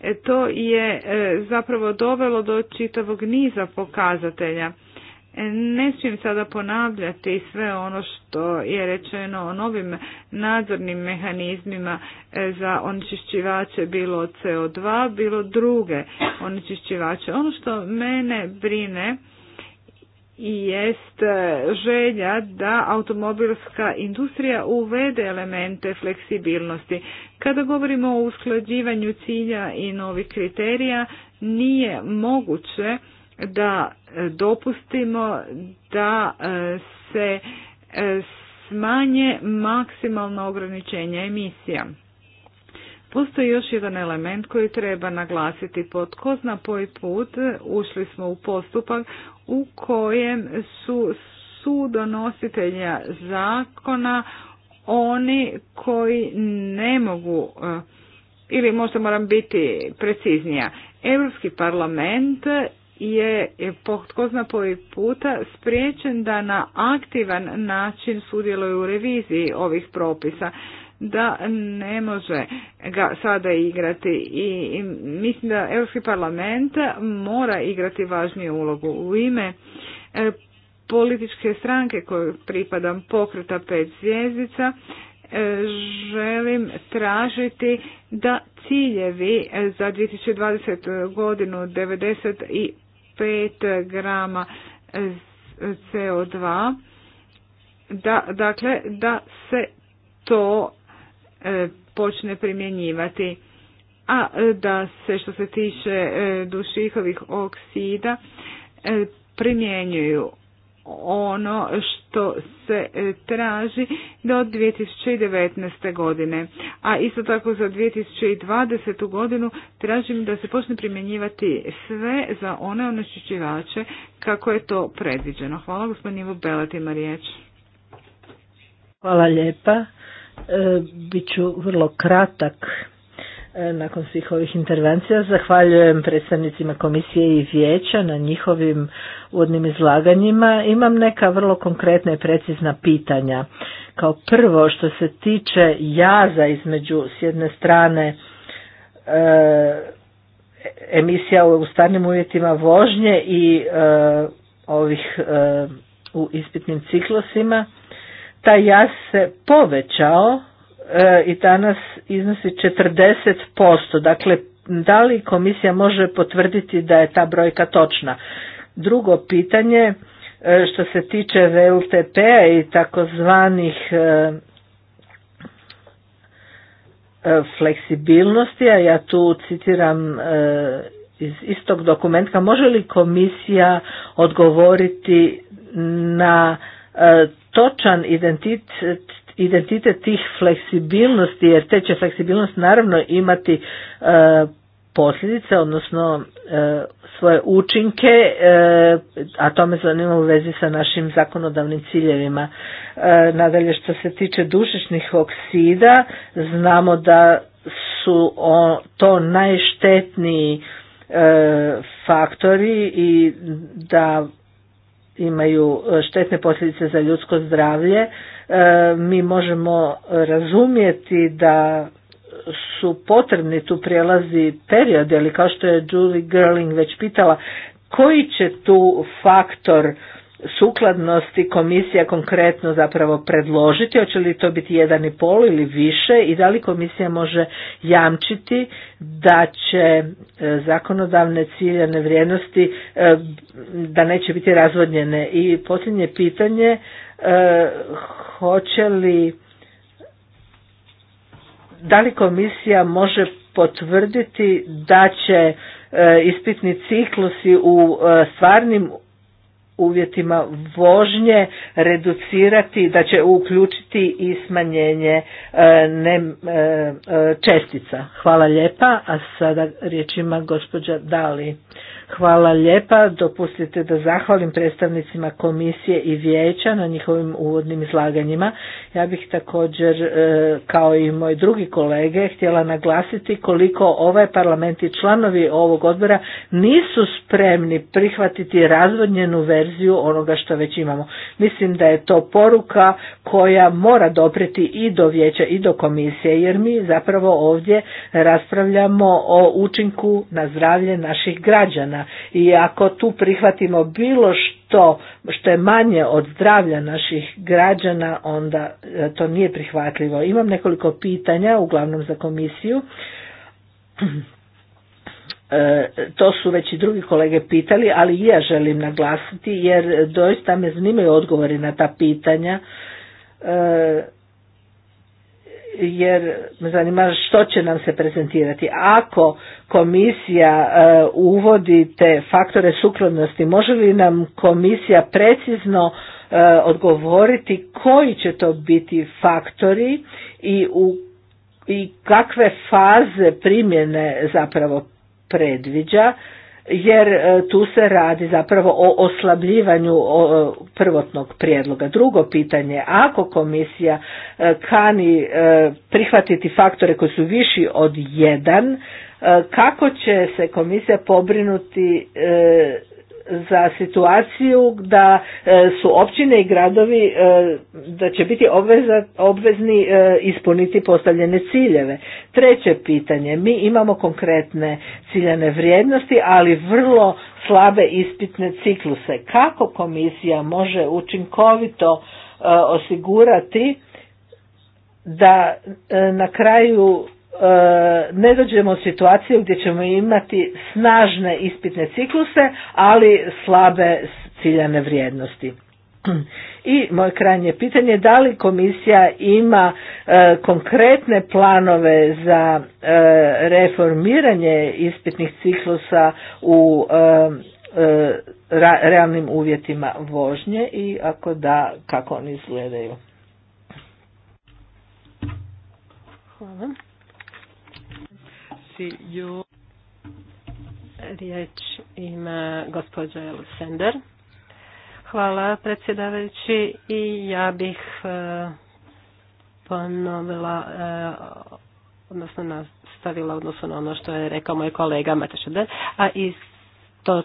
e, to je e, zapravo dovelo do čitavog niza pokazatelja. Ne smijem sada ponavljati sve ono što je rečeno o novim nadzornim mehanizmima e, za onečišćivače bilo CO2, bilo druge onečišćivače. Ono što mene brine i jest e, želja da automobilska industrija uvede elemente fleksibilnosti. Kada govorimo o usklađivanju cilja i novih kriterija, nije moguće da dopustimo da e, se e, smanje maksimalno ograničenje emisija. Postoji još jedan element koji treba naglasiti. Pod kozna zna koji put ušli smo u postupak u kojem su sudonositelja zakona oni koji ne mogu, e, ili možda moram biti preciznija, Europski parlament je po tko zna koji puta spriječen da na aktivan način sudjeluje u reviziji ovih propisa da ne može ga sada igrati i mislim da Europski parlament mora igrati važniju ulogu u ime e, političke stranke koje pripadam pokreta pet zvijezdica e, želim tražiti da ciljevi e, za 2020. godinu 90 5 grama CO2, da, dakle da se to e, počne primjenjivati. A e, da se što se tiče e, dušikovih oksida e, primjenjuju ono što se e, traži do 2019. godine. A isto tako za 2020. godinu tražim da se počne primjenjivati sve za one onečišćivače kako je to predviđeno. Hvala gospodin Ivo belati Hvala lijepa. E, Biću vrlo kratak E, nakon svih ovih intervencija. Zahvaljujem predstavnicima komisije i vijeća na njihovim uvodnim izlaganjima. Imam neka vrlo konkretna i precizna pitanja. Kao prvo što se tiče jaza između s jedne strane e, emisija u starim uvjetima vožnje i e, ovih u ispitnim ciklusima, taj jaz se povećao E, i danas iznosi 40%. Dakle, da li komisija može potvrditi da je ta brojka točna? Drugo pitanje e, što se tiče VLTP-a i takozvanih e, fleksibilnosti, a ja tu citiram iz istog dokumenta, može li komisija odgovoriti na točan identitet identitet tih fleksibilnosti, jer te će fleksibilnost naravno imati e, posljedice, odnosno e, svoje učinke, e, a to me zanima u vezi sa našim zakonodavnim ciljevima. Nadalje što se tiče dušičnih oksida, znamo da su o to najštetniji faktori i da imaju štetne posljedice za ljudsko zdravlje E, mi možemo razumjeti da su potrebni tu prijelazi periodi, ali kao što je Julie Gerling već pitala, koji će tu faktor sukladnosti komisija konkretno zapravo predložiti, hoće li to biti jedan i pol ili više i da li komisija može jamčiti da će e, zakonodavne ciljane vrijednosti e, da neće biti razvodnjene. I posljednje pitanje, hoće li da li komisija može potvrditi da će e, ispitni ciklusi u e, stvarnim uvjetima vožnje reducirati, da će uključiti i smanjenje e, ne, čestica. Hvala lijepa, a sada riječ ima gospođa Dali. Hvala lijepa. Dopustite da zahvalim predstavnicima komisije i vijeća na njihovim uvodnim izlaganjima. Ja bih također, e, kao i moji drugi kolege, htjela naglasiti koliko ovaj parlament i članovi ovog odbora nisu spremni prihvatiti razvodnjenu verziju onoga što već imamo. Mislim da je to poruka koja mora dopreti i do vijeća i do komisije, jer mi zapravo ovdje raspravljamo o učinku na zdravlje naših građana i ako tu prihvatimo bilo što što je manje od zdravlja naših građana onda e, to nije prihvatljivo. Imam nekoliko pitanja uglavnom za komisiju. [clears throat] E, to su već i drugi kolege pitali, ali i ja želim naglasiti jer doista me zanimaju odgovori na ta pitanja. E, jer me zanima što će nam se prezentirati. Ako komisija e, uvodi te faktore sukladnosti, može li nam komisija precizno e, odgovoriti koji će to biti faktori i, u, i kakve faze primjene zapravo predviđa jer e, tu se radi zapravo o oslabljivanju e, prvotnog prijedloga. Drugo pitanje, ako komisija e, kani prihvatiti faktore koji su viši od jedan, kako će se komisija pobrinuti za situaciju da e, su općine i gradovi e, da će biti obvezni e, ispuniti postavljene ciljeve. Treće pitanje, mi imamo konkretne ciljane vrijednosti, ali vrlo slabe ispitne cikluse. Kako komisija može učinkovito osigurati da na kraju E, ne dođemo u situaciju gdje ćemo imati snažne ispitne cikluse, ali slabe ciljane vrijednosti. I moje krajnje pitanje da li komisija ima e, konkretne planove za e, reformiranje ispitnih ciklusa u ra, realnim uvjetima vožnje i ako da kako oni izgledaju. Hvala ju. Riječ ima gospođa sender Hvala predsjedavajući i ja bih e, ponovila, e, odnosno nastavila odnosno na ono što je rekao moj kolega Matešede, a isto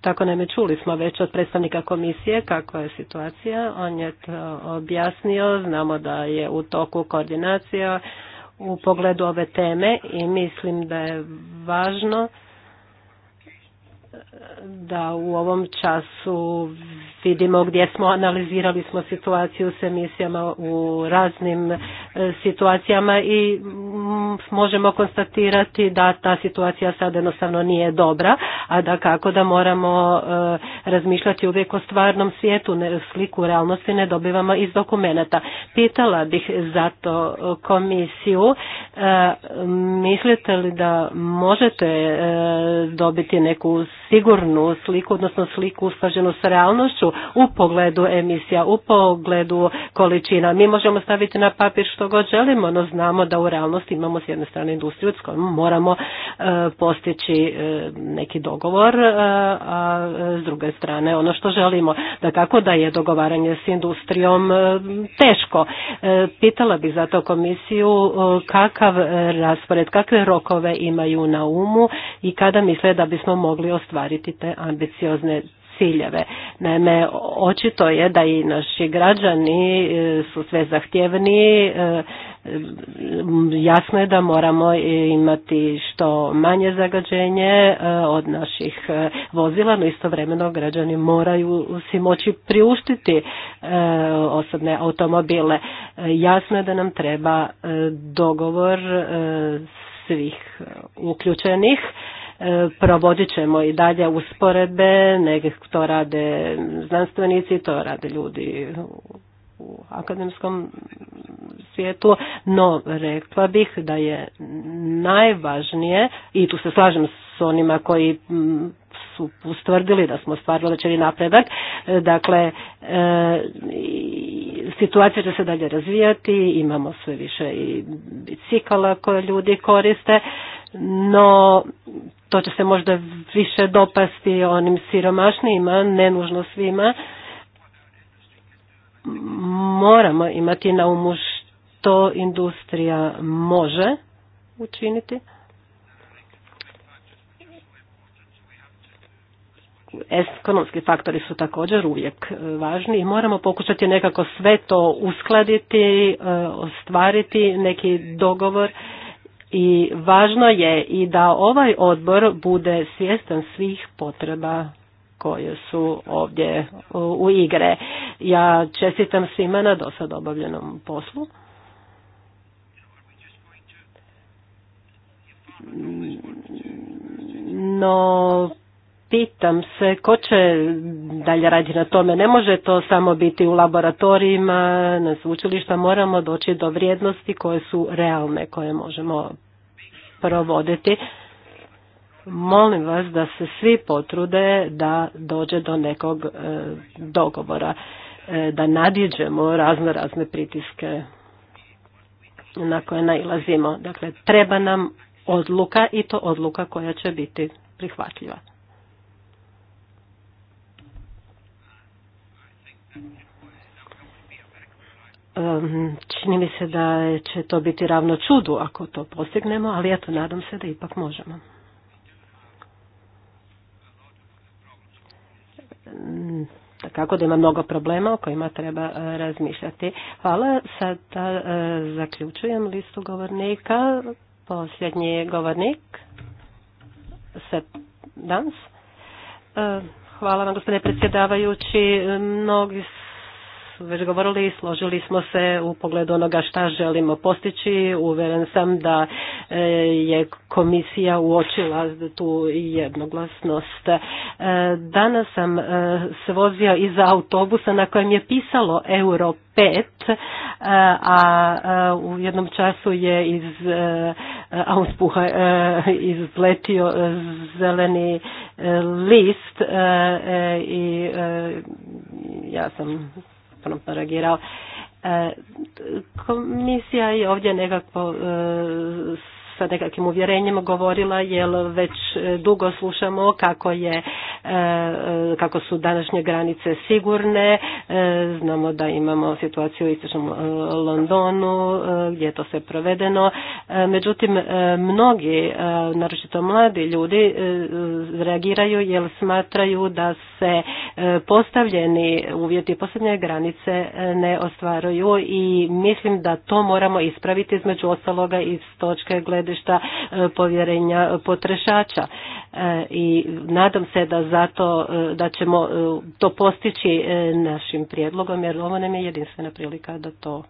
tako naime čuli smo već od predstavnika komisije kako je situacija, on je to objasnio, znamo da je u toku koordinacija u pogledu ove teme i mislim da je važno da u ovom času vidimo gdje smo analizirali smo situaciju s emisijama u raznim e, situacijama i mm, možemo konstatirati da ta situacija sad jednostavno nije dobra, a da kako da moramo e, razmišljati uvijek o stvarnom svijetu, sliku realnosti ne dobivamo iz dokumenta. Pitala bih zato komisiju, e, mislite li da možete dobiti neku sigurnu sliku, odnosno sliku usklađenu s realnošću u pogledu emisija, u pogledu količina. Mi možemo staviti na papir što god želimo, no znamo da u realnosti imamo s jedne strane industriju s kojom moramo e, postići e, neki dogovor, e, a s druge strane ono što želimo. Da kako da je dogovaranje s industrijom teško. Pitala bih zato komisiju kakav raspored, kakve rokove imaju na umu i kada misle da bismo mogli ostvariti ostvariti te ambiciozne ciljeve. Naime, očito je da i naši građani e, su sve zahtjevni. E, jasno je da moramo imati što manje zagađenje e, od naših vozila, no istovremeno građani moraju si moći priuštiti osobne automobile. Jasno je da nam treba dogovor svih uključenih E, provodit ćemo i dalje usporedbe, neke to rade znanstvenici, to rade ljudi u akademskom svijetu, no rekla bih da je najvažnije, i tu se slažem s onima koji su ustvrdili da smo ostvarili li napredak. E, dakle, e, situacija će se dalje razvijati, imamo sve više i bicikala koje ljudi koriste, no to će se možda više dopasti onim siromašnijima, ne nužno svima. Moramo imati na umu što industrija može učiniti. Ekonomski faktori su također uvijek e, važni i moramo pokušati nekako sve to uskladiti, e, ostvariti neki dogovor i važno je i da ovaj odbor bude svjestan svih potreba koje su ovdje u igre. Ja čestitam svima na dosad obavljenom poslu. No, pitam se ko će dalje raditi na tome. Ne može to samo biti u laboratorijima, na svučilišta, moramo doći do vrijednosti koje su realne, koje možemo provoditi. Molim vas da se svi potrude da dođe do nekog e, dogovora, e, da nadjeđemo razne, razne pritiske na koje nailazimo. Dakle, treba nam odluka i to odluka koja će biti prihvatljiva. čini mi se da će to biti ravno čudu ako to postignemo, ali ja eto, nadam se da ipak možemo. Tako da ima mnogo problema o kojima treba e, razmišljati. Hvala, sada e, zaključujem listu govornika. Posljednji je govornik. Dans. E, hvala vam, gospodine predsjedavajući. Mnogi već govorili i složili smo se u pogledu onoga šta želimo postići. Uveren sam da e, je komisija uočila tu jednoglasnost. E, danas sam se vozio iz autobusa na kojem je pisalo Euro 5, e, a u jednom času je iz auspuha izletio zeleni list i ja sam promptno reagirao. E, komisija je ovdje nekako e, sa nekakvim uvjerenjem govorila jer već e, dugo slušamo kako je e, e, kako su današnje granice sigurne. Znamo da imamo situaciju u istočnom Londonu gdje je to sve provedeno. Međutim, mnogi, naročito mladi ljudi, reagiraju jer smatraju da se postavljeni uvjeti, posljednje granice ne ostvaruju i mislim da to moramo ispraviti između ostaloga iz točke gledanja gledišta e, povjerenja e, potrošača e, i nadam se da zato da ćemo to postići našim prijedlogom jer ovo nam je jedinstvena prilika da to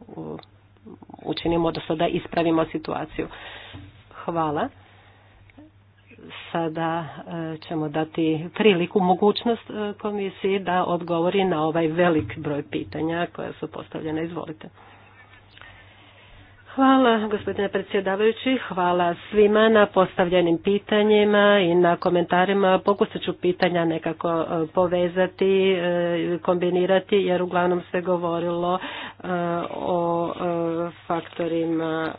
učinimo, odnosno da ispravimo situaciju. Hvala. Sada ćemo dati priliku, mogućnost komisiji da odgovori na ovaj velik broj pitanja koja su postavljena. Izvolite. Hvala gospodine predsjedavajući, hvala svima na postavljenim pitanjima i na komentarima. Pokušat ću pitanja nekako e, povezati, e, kombinirati jer uglavnom se govorilo e, o faktorima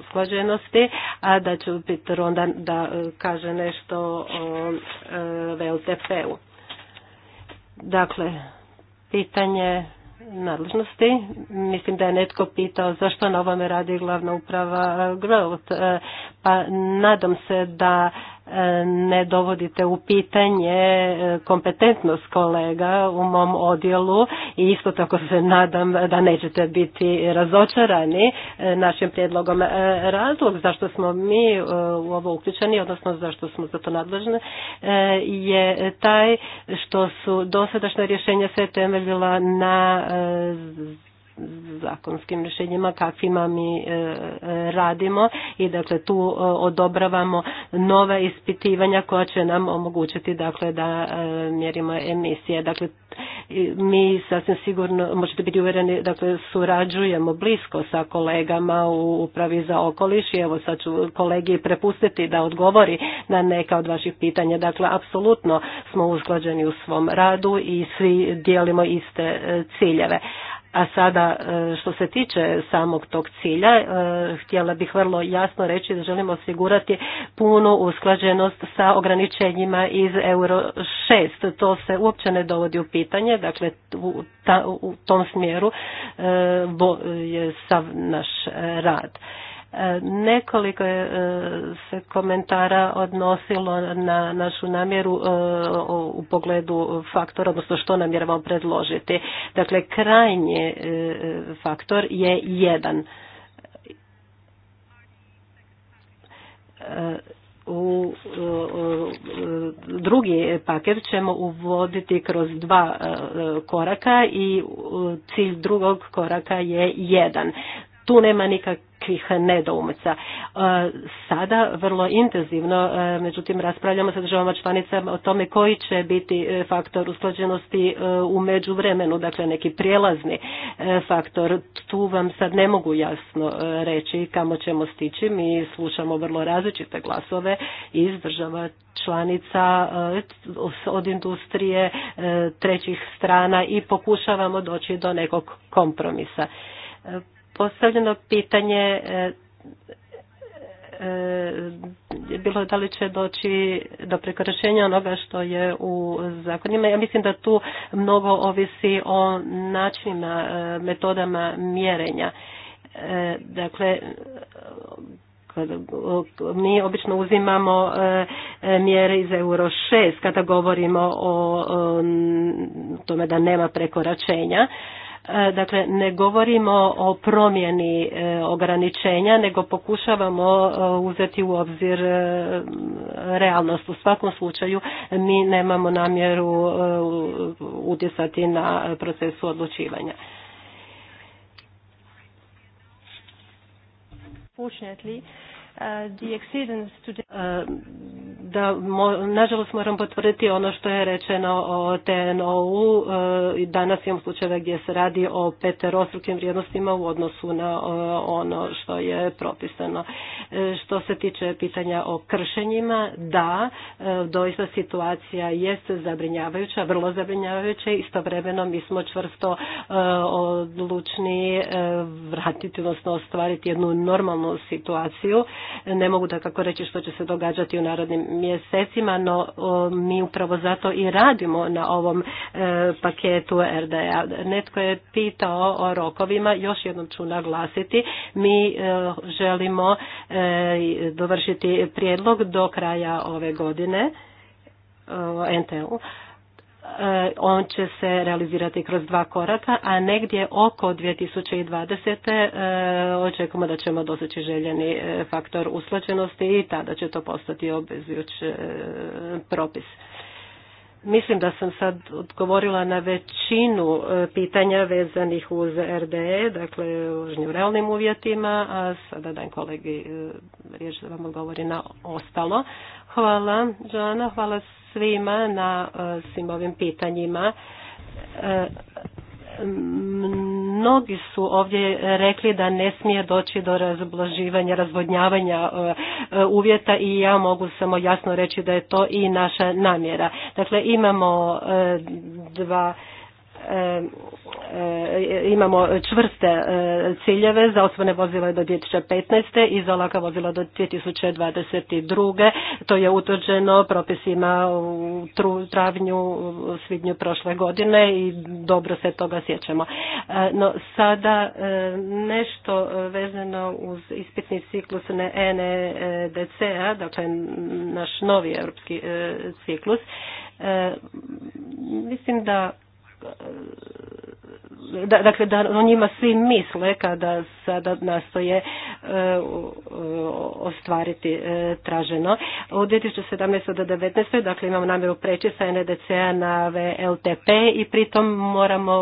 usklađenosti, a da ću Peter onda da kaže nešto o VLTP-u. Dakle, pitanje nadležnosti. Mislim da je netko pitao zašto na ovome radi glavna uprava Growth. E, pa nadam se da ne dovodite u pitanje e, kompetentnost kolega u mom odjelu i isto tako se nadam da nećete biti razočarani e, našim prijedlogom. E, razlog zašto smo mi u ovo uključeni, odnosno zašto smo za to nadležni, je taj što su dosadašnja rješenja sve temeljila na zakonskim rješenjima kakvima mi e, radimo i dakle tu e, odobravamo nova ispitivanja koja će nam omogućiti dakle da e, mjerimo emisije. Dakle mi sasvim sigurno možete biti uvjereni dakle surađujemo blisko sa kolegama u upravi za okoliš i evo sad ću kolegi prepustiti da odgovori na neka od vaših pitanja. Dakle apsolutno smo usklađeni u svom radu i svi dijelimo iste ciljeve. A sada e, što se tiče samog tog cilja, e, htjela bih vrlo jasno reći da želimo osigurati punu usklađenost sa ograničenjima iz Euro 6. To se uopće ne dovodi u pitanje, dakle u, u tom smjeru e, je sav naš rad. E, nekoliko e, se komentara odnosilo na našu namjeru e, u pogledu faktora, odnosno što namjeravamo predložiti. Dakle, krajnji faktor je jedan. U drugi paket ćemo uvoditi kroz dva koraka i cilj drugog koraka je jedan. Tu nema nikak nekih nedoumica. E, sada vrlo intenzivno, e, međutim, raspravljamo sa državama članicama o tome koji će biti e, faktor usklađenosti u međuvremenu, dakle neki prijelazni faktor. Tu vam sad ne mogu jasno reći kamo ćemo stići. Mi slušamo vrlo različite glasove iz država članica od industrije trećih strana i pokušavamo doći do nekog kompromisa postavljeno pitanje e, e, e, bilo da li će doći do prekoračenja onoga što je u zakonima. Ja mislim da tu mnogo ovisi o načinima, metodama mjerenja. Dakle, mi obično uzimamo mjere iz Euro 6 kada govorimo o tome da nema prekoračenja. E, dakle, ne govorimo o promjeni e, ograničenja, nego pokušavamo e, uzeti u obzir realnost. U svakom slučaju mi nemamo namjeru utjecati na procesu odlučivanja. Uh, uh, da, mo, nažalost moram potvrditi ono što je rečeno o TNO-u. Uh, danas imam slučajeve gdje se radi o peterostrukim vrijednostima u odnosu na ono što je propisano. Što se tiče pitanja o kršenjima, da, doista situacija jeste zabrinjavajuća, vrlo zabrinjavajuća. Istovremeno mi smo čvrsto odlučni vratiti, odnosno ostvariti jednu normalnu situaciju ne mogu da kako reći što će se događati u narodnim mjesecima, no mi upravo zato i radimo na ovom e, paketu RDA. Netko je pitao o rokovima, još jednom ću naglasiti, mi e, želimo e, dovršiti prijedlog do kraja ove godine. NTU Eh, on će se realizirati kroz dva koraka, a negdje oko 2020. Eh, očekujemo da ćemo doseći željeni eh, faktor usklađenosti i tada će to postati obvezujući propis. Mislim da sam sad odgovorila na većinu e, pitanja vezanih uz RDE, dakle u realnim uvjetima, a sada dajem kolegi e, riječ da vam odgovori na ostalo. Hvala, Joana, hvala svima na e, svim ovim pitanjima mnogi su ovdje rekli da ne smije doći do razblaživanja, razvodnjavanja e, e, uvjeta i ja mogu samo jasno reći da je to i naša namjera. Dakle, imamo e, dva E, imamo čvrste e, ciljeve za osobne vozila do 2015. i za laka vozila do 2022. To je utvrđeno propisima u travnju, svibnju prošle godine i dobro se toga sjećamo. E, no sada nešto vezano uz ispitni ciklus NEDC-a, dakle naš novi europski ciklus. Mislim da dakle da o njima svi misle kada sada nastoje e, ostvariti e, traženo. U 2017. do 2019. dakle imamo namjeru preći sa NDC-a e na VLTP i pritom moramo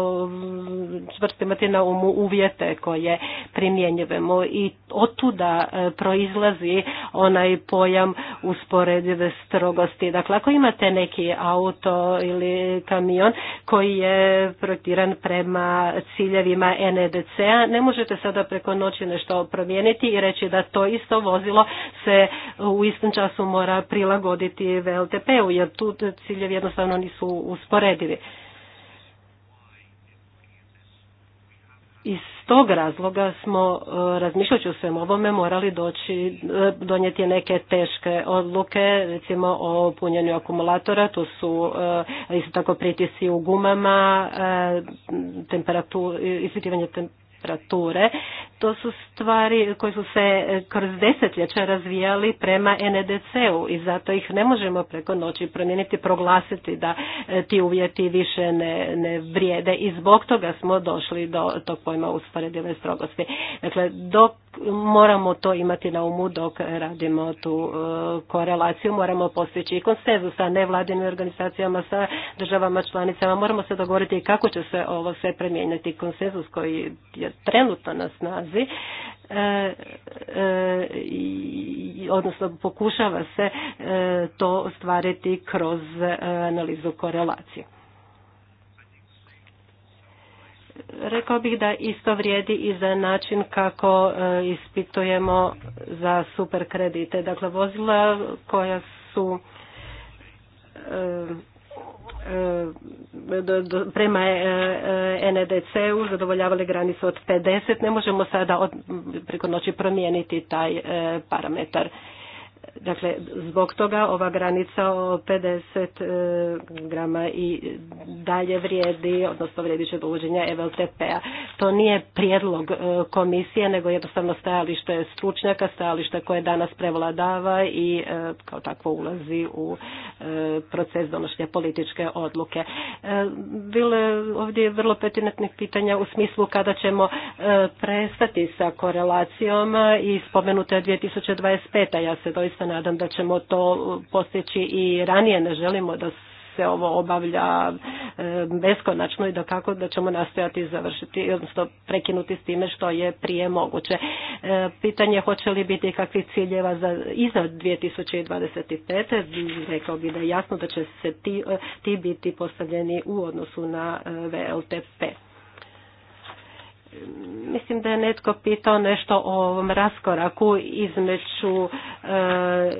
čvrsto imati na umu uvjete koje primjenjujemo i tuda proizlazi onaj pojam usporedive strogosti. Dakle, ako imate neki auto ili kamion koji je je projektiran prema ciljevima NEDC-a. Ne možete sada preko noći nešto promijeniti i reći da to isto vozilo se u istom času mora prilagoditi VLTP-u jer tu ciljevi jednostavno nisu usporedivi. Iz tog razloga smo, e, razmišljajući o svem ovome, morali doći, e, donijeti neke teške odluke, recimo o punjenju akumulatora, tu su e, isto tako pritisci u gumama, temperatur, ispitivanje literature, To su stvari koje su se e, kroz desetljeća razvijali prema NDC-u e i zato ih ne možemo preko noći promijeniti, proglasiti da e, ti uvjeti više ne, ne vrijede i zbog toga smo došli do tog pojma usporedive strogosti. Dakle, dok moramo to imati na umu dok radimo tu e, korelaciju, moramo postići i konsenzus sa nevladinim organizacijama, sa državama članicama, moramo se dogovoriti kako će se ovo sve premijenjati, konsenzus koji je trenutno na snazi, e, e, odnosno pokušava se to ostvariti kroz analizu korelacije. Rekao bih da isto vrijedi i za način kako e, ispitujemo za super kredite. Dakle, vozila koja su e, e, prema NEDC-u zadovoljavali granicu od 50. Ne možemo sada preko noći promijeniti taj parametar. Dakle, zbog toga ova granica o 50 e, grama i dalje vrijedi, odnosno vrijedi će do uvođenja e a p-a. To nije prijedlog e, komisije, nego jednostavno stajalište stručnjaka, stajalište koje danas prevladava i kao takvo ulazi u proces donošenja političke odluke. Bilo je ovdje vrlo petinetnih pitanja u smislu kada ćemo prestati sa korelacijom i spomenuto je 2025. Ja se doista se nadam da ćemo to postići i ranije. Ne želimo da se ovo obavlja e, beskonačno i da kako da ćemo nastojati završiti, odnosno prekinuti s time što je prije moguće. E, pitanje hoće li biti kakvih ciljeva za za 2025. Rekao bi da je jasno da će se ti, e, ti biti postavljeni u odnosu na VLTP. Mislim da je netko pitao nešto o ovom raskoraku između e,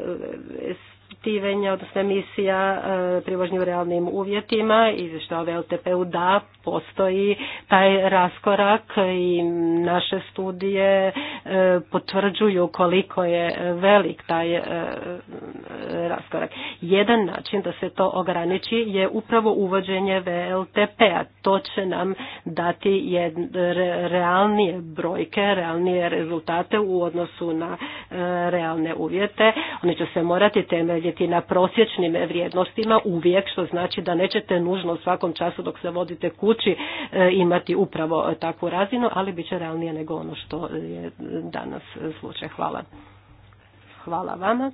ispitivanja, odnosno emisija e, privožnju realnim uvjetima, i ove LTP-u da postoji taj raskorak i naše studije e, potvrđuju koliko je velik taj e, raskorak. Jedan način da se to ograniči je upravo uvođenje VLTP-a. To će nam dati realnije brojke, realnije rezultate u odnosu na realne uvjete. Oni će se morati temeljiti temeljiti na prosječnim vrijednostima uvijek, što znači da nećete nužno u svakom času dok se vodite kući e, imati upravo e, takvu razinu, ali bit će realnije nego ono što je danas slučaj. Hvala. Hvala vama.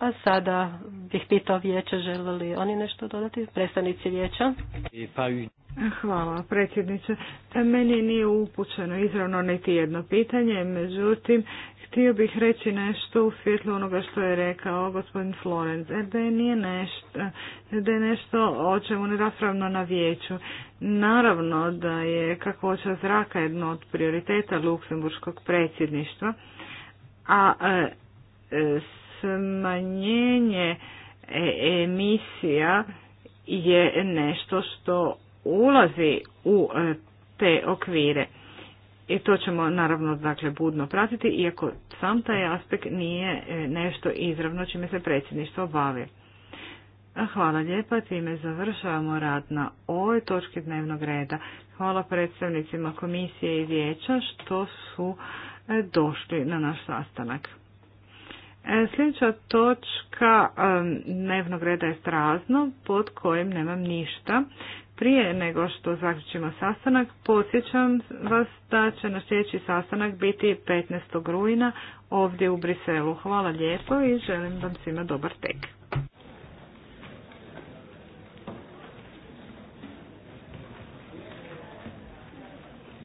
A sada bih pitao vijeće, žele li oni nešto dodati, predstavnici vijeća? Hvala, predsjedniče. Meni nije upućeno izravno niti jedno pitanje, međutim, Htio bih reći nešto u svjetlu onoga što je rekao gospodin e, da je nije nešto, da je nešto o čemu ne raspravno na vijeću. Naravno da je kakvoća zraka jedno od prioriteta luksemburškog predsjedništva, a e, e, smanjenje emisija je nešto što ulazi u te okvire. I to ćemo naravno dakle budno pratiti, iako sam taj aspekt nije e, nešto izravno čime se predsjedništvo bavi. Hvala lijepa, time završavamo rad na ovoj točki dnevnog reda. Hvala predstavnicima komisije i vijeća što su e, došli na naš sastanak. E, sljedeća točka dnevnog reda je strazno, pod kojim nemam ništa. Prije nego što zaključimo sastanak, podsjećam vas da će na sljedeći sastanak biti 15. rujna ovdje u Briselu. Hvala lijepo i želim vam svima dobar tek.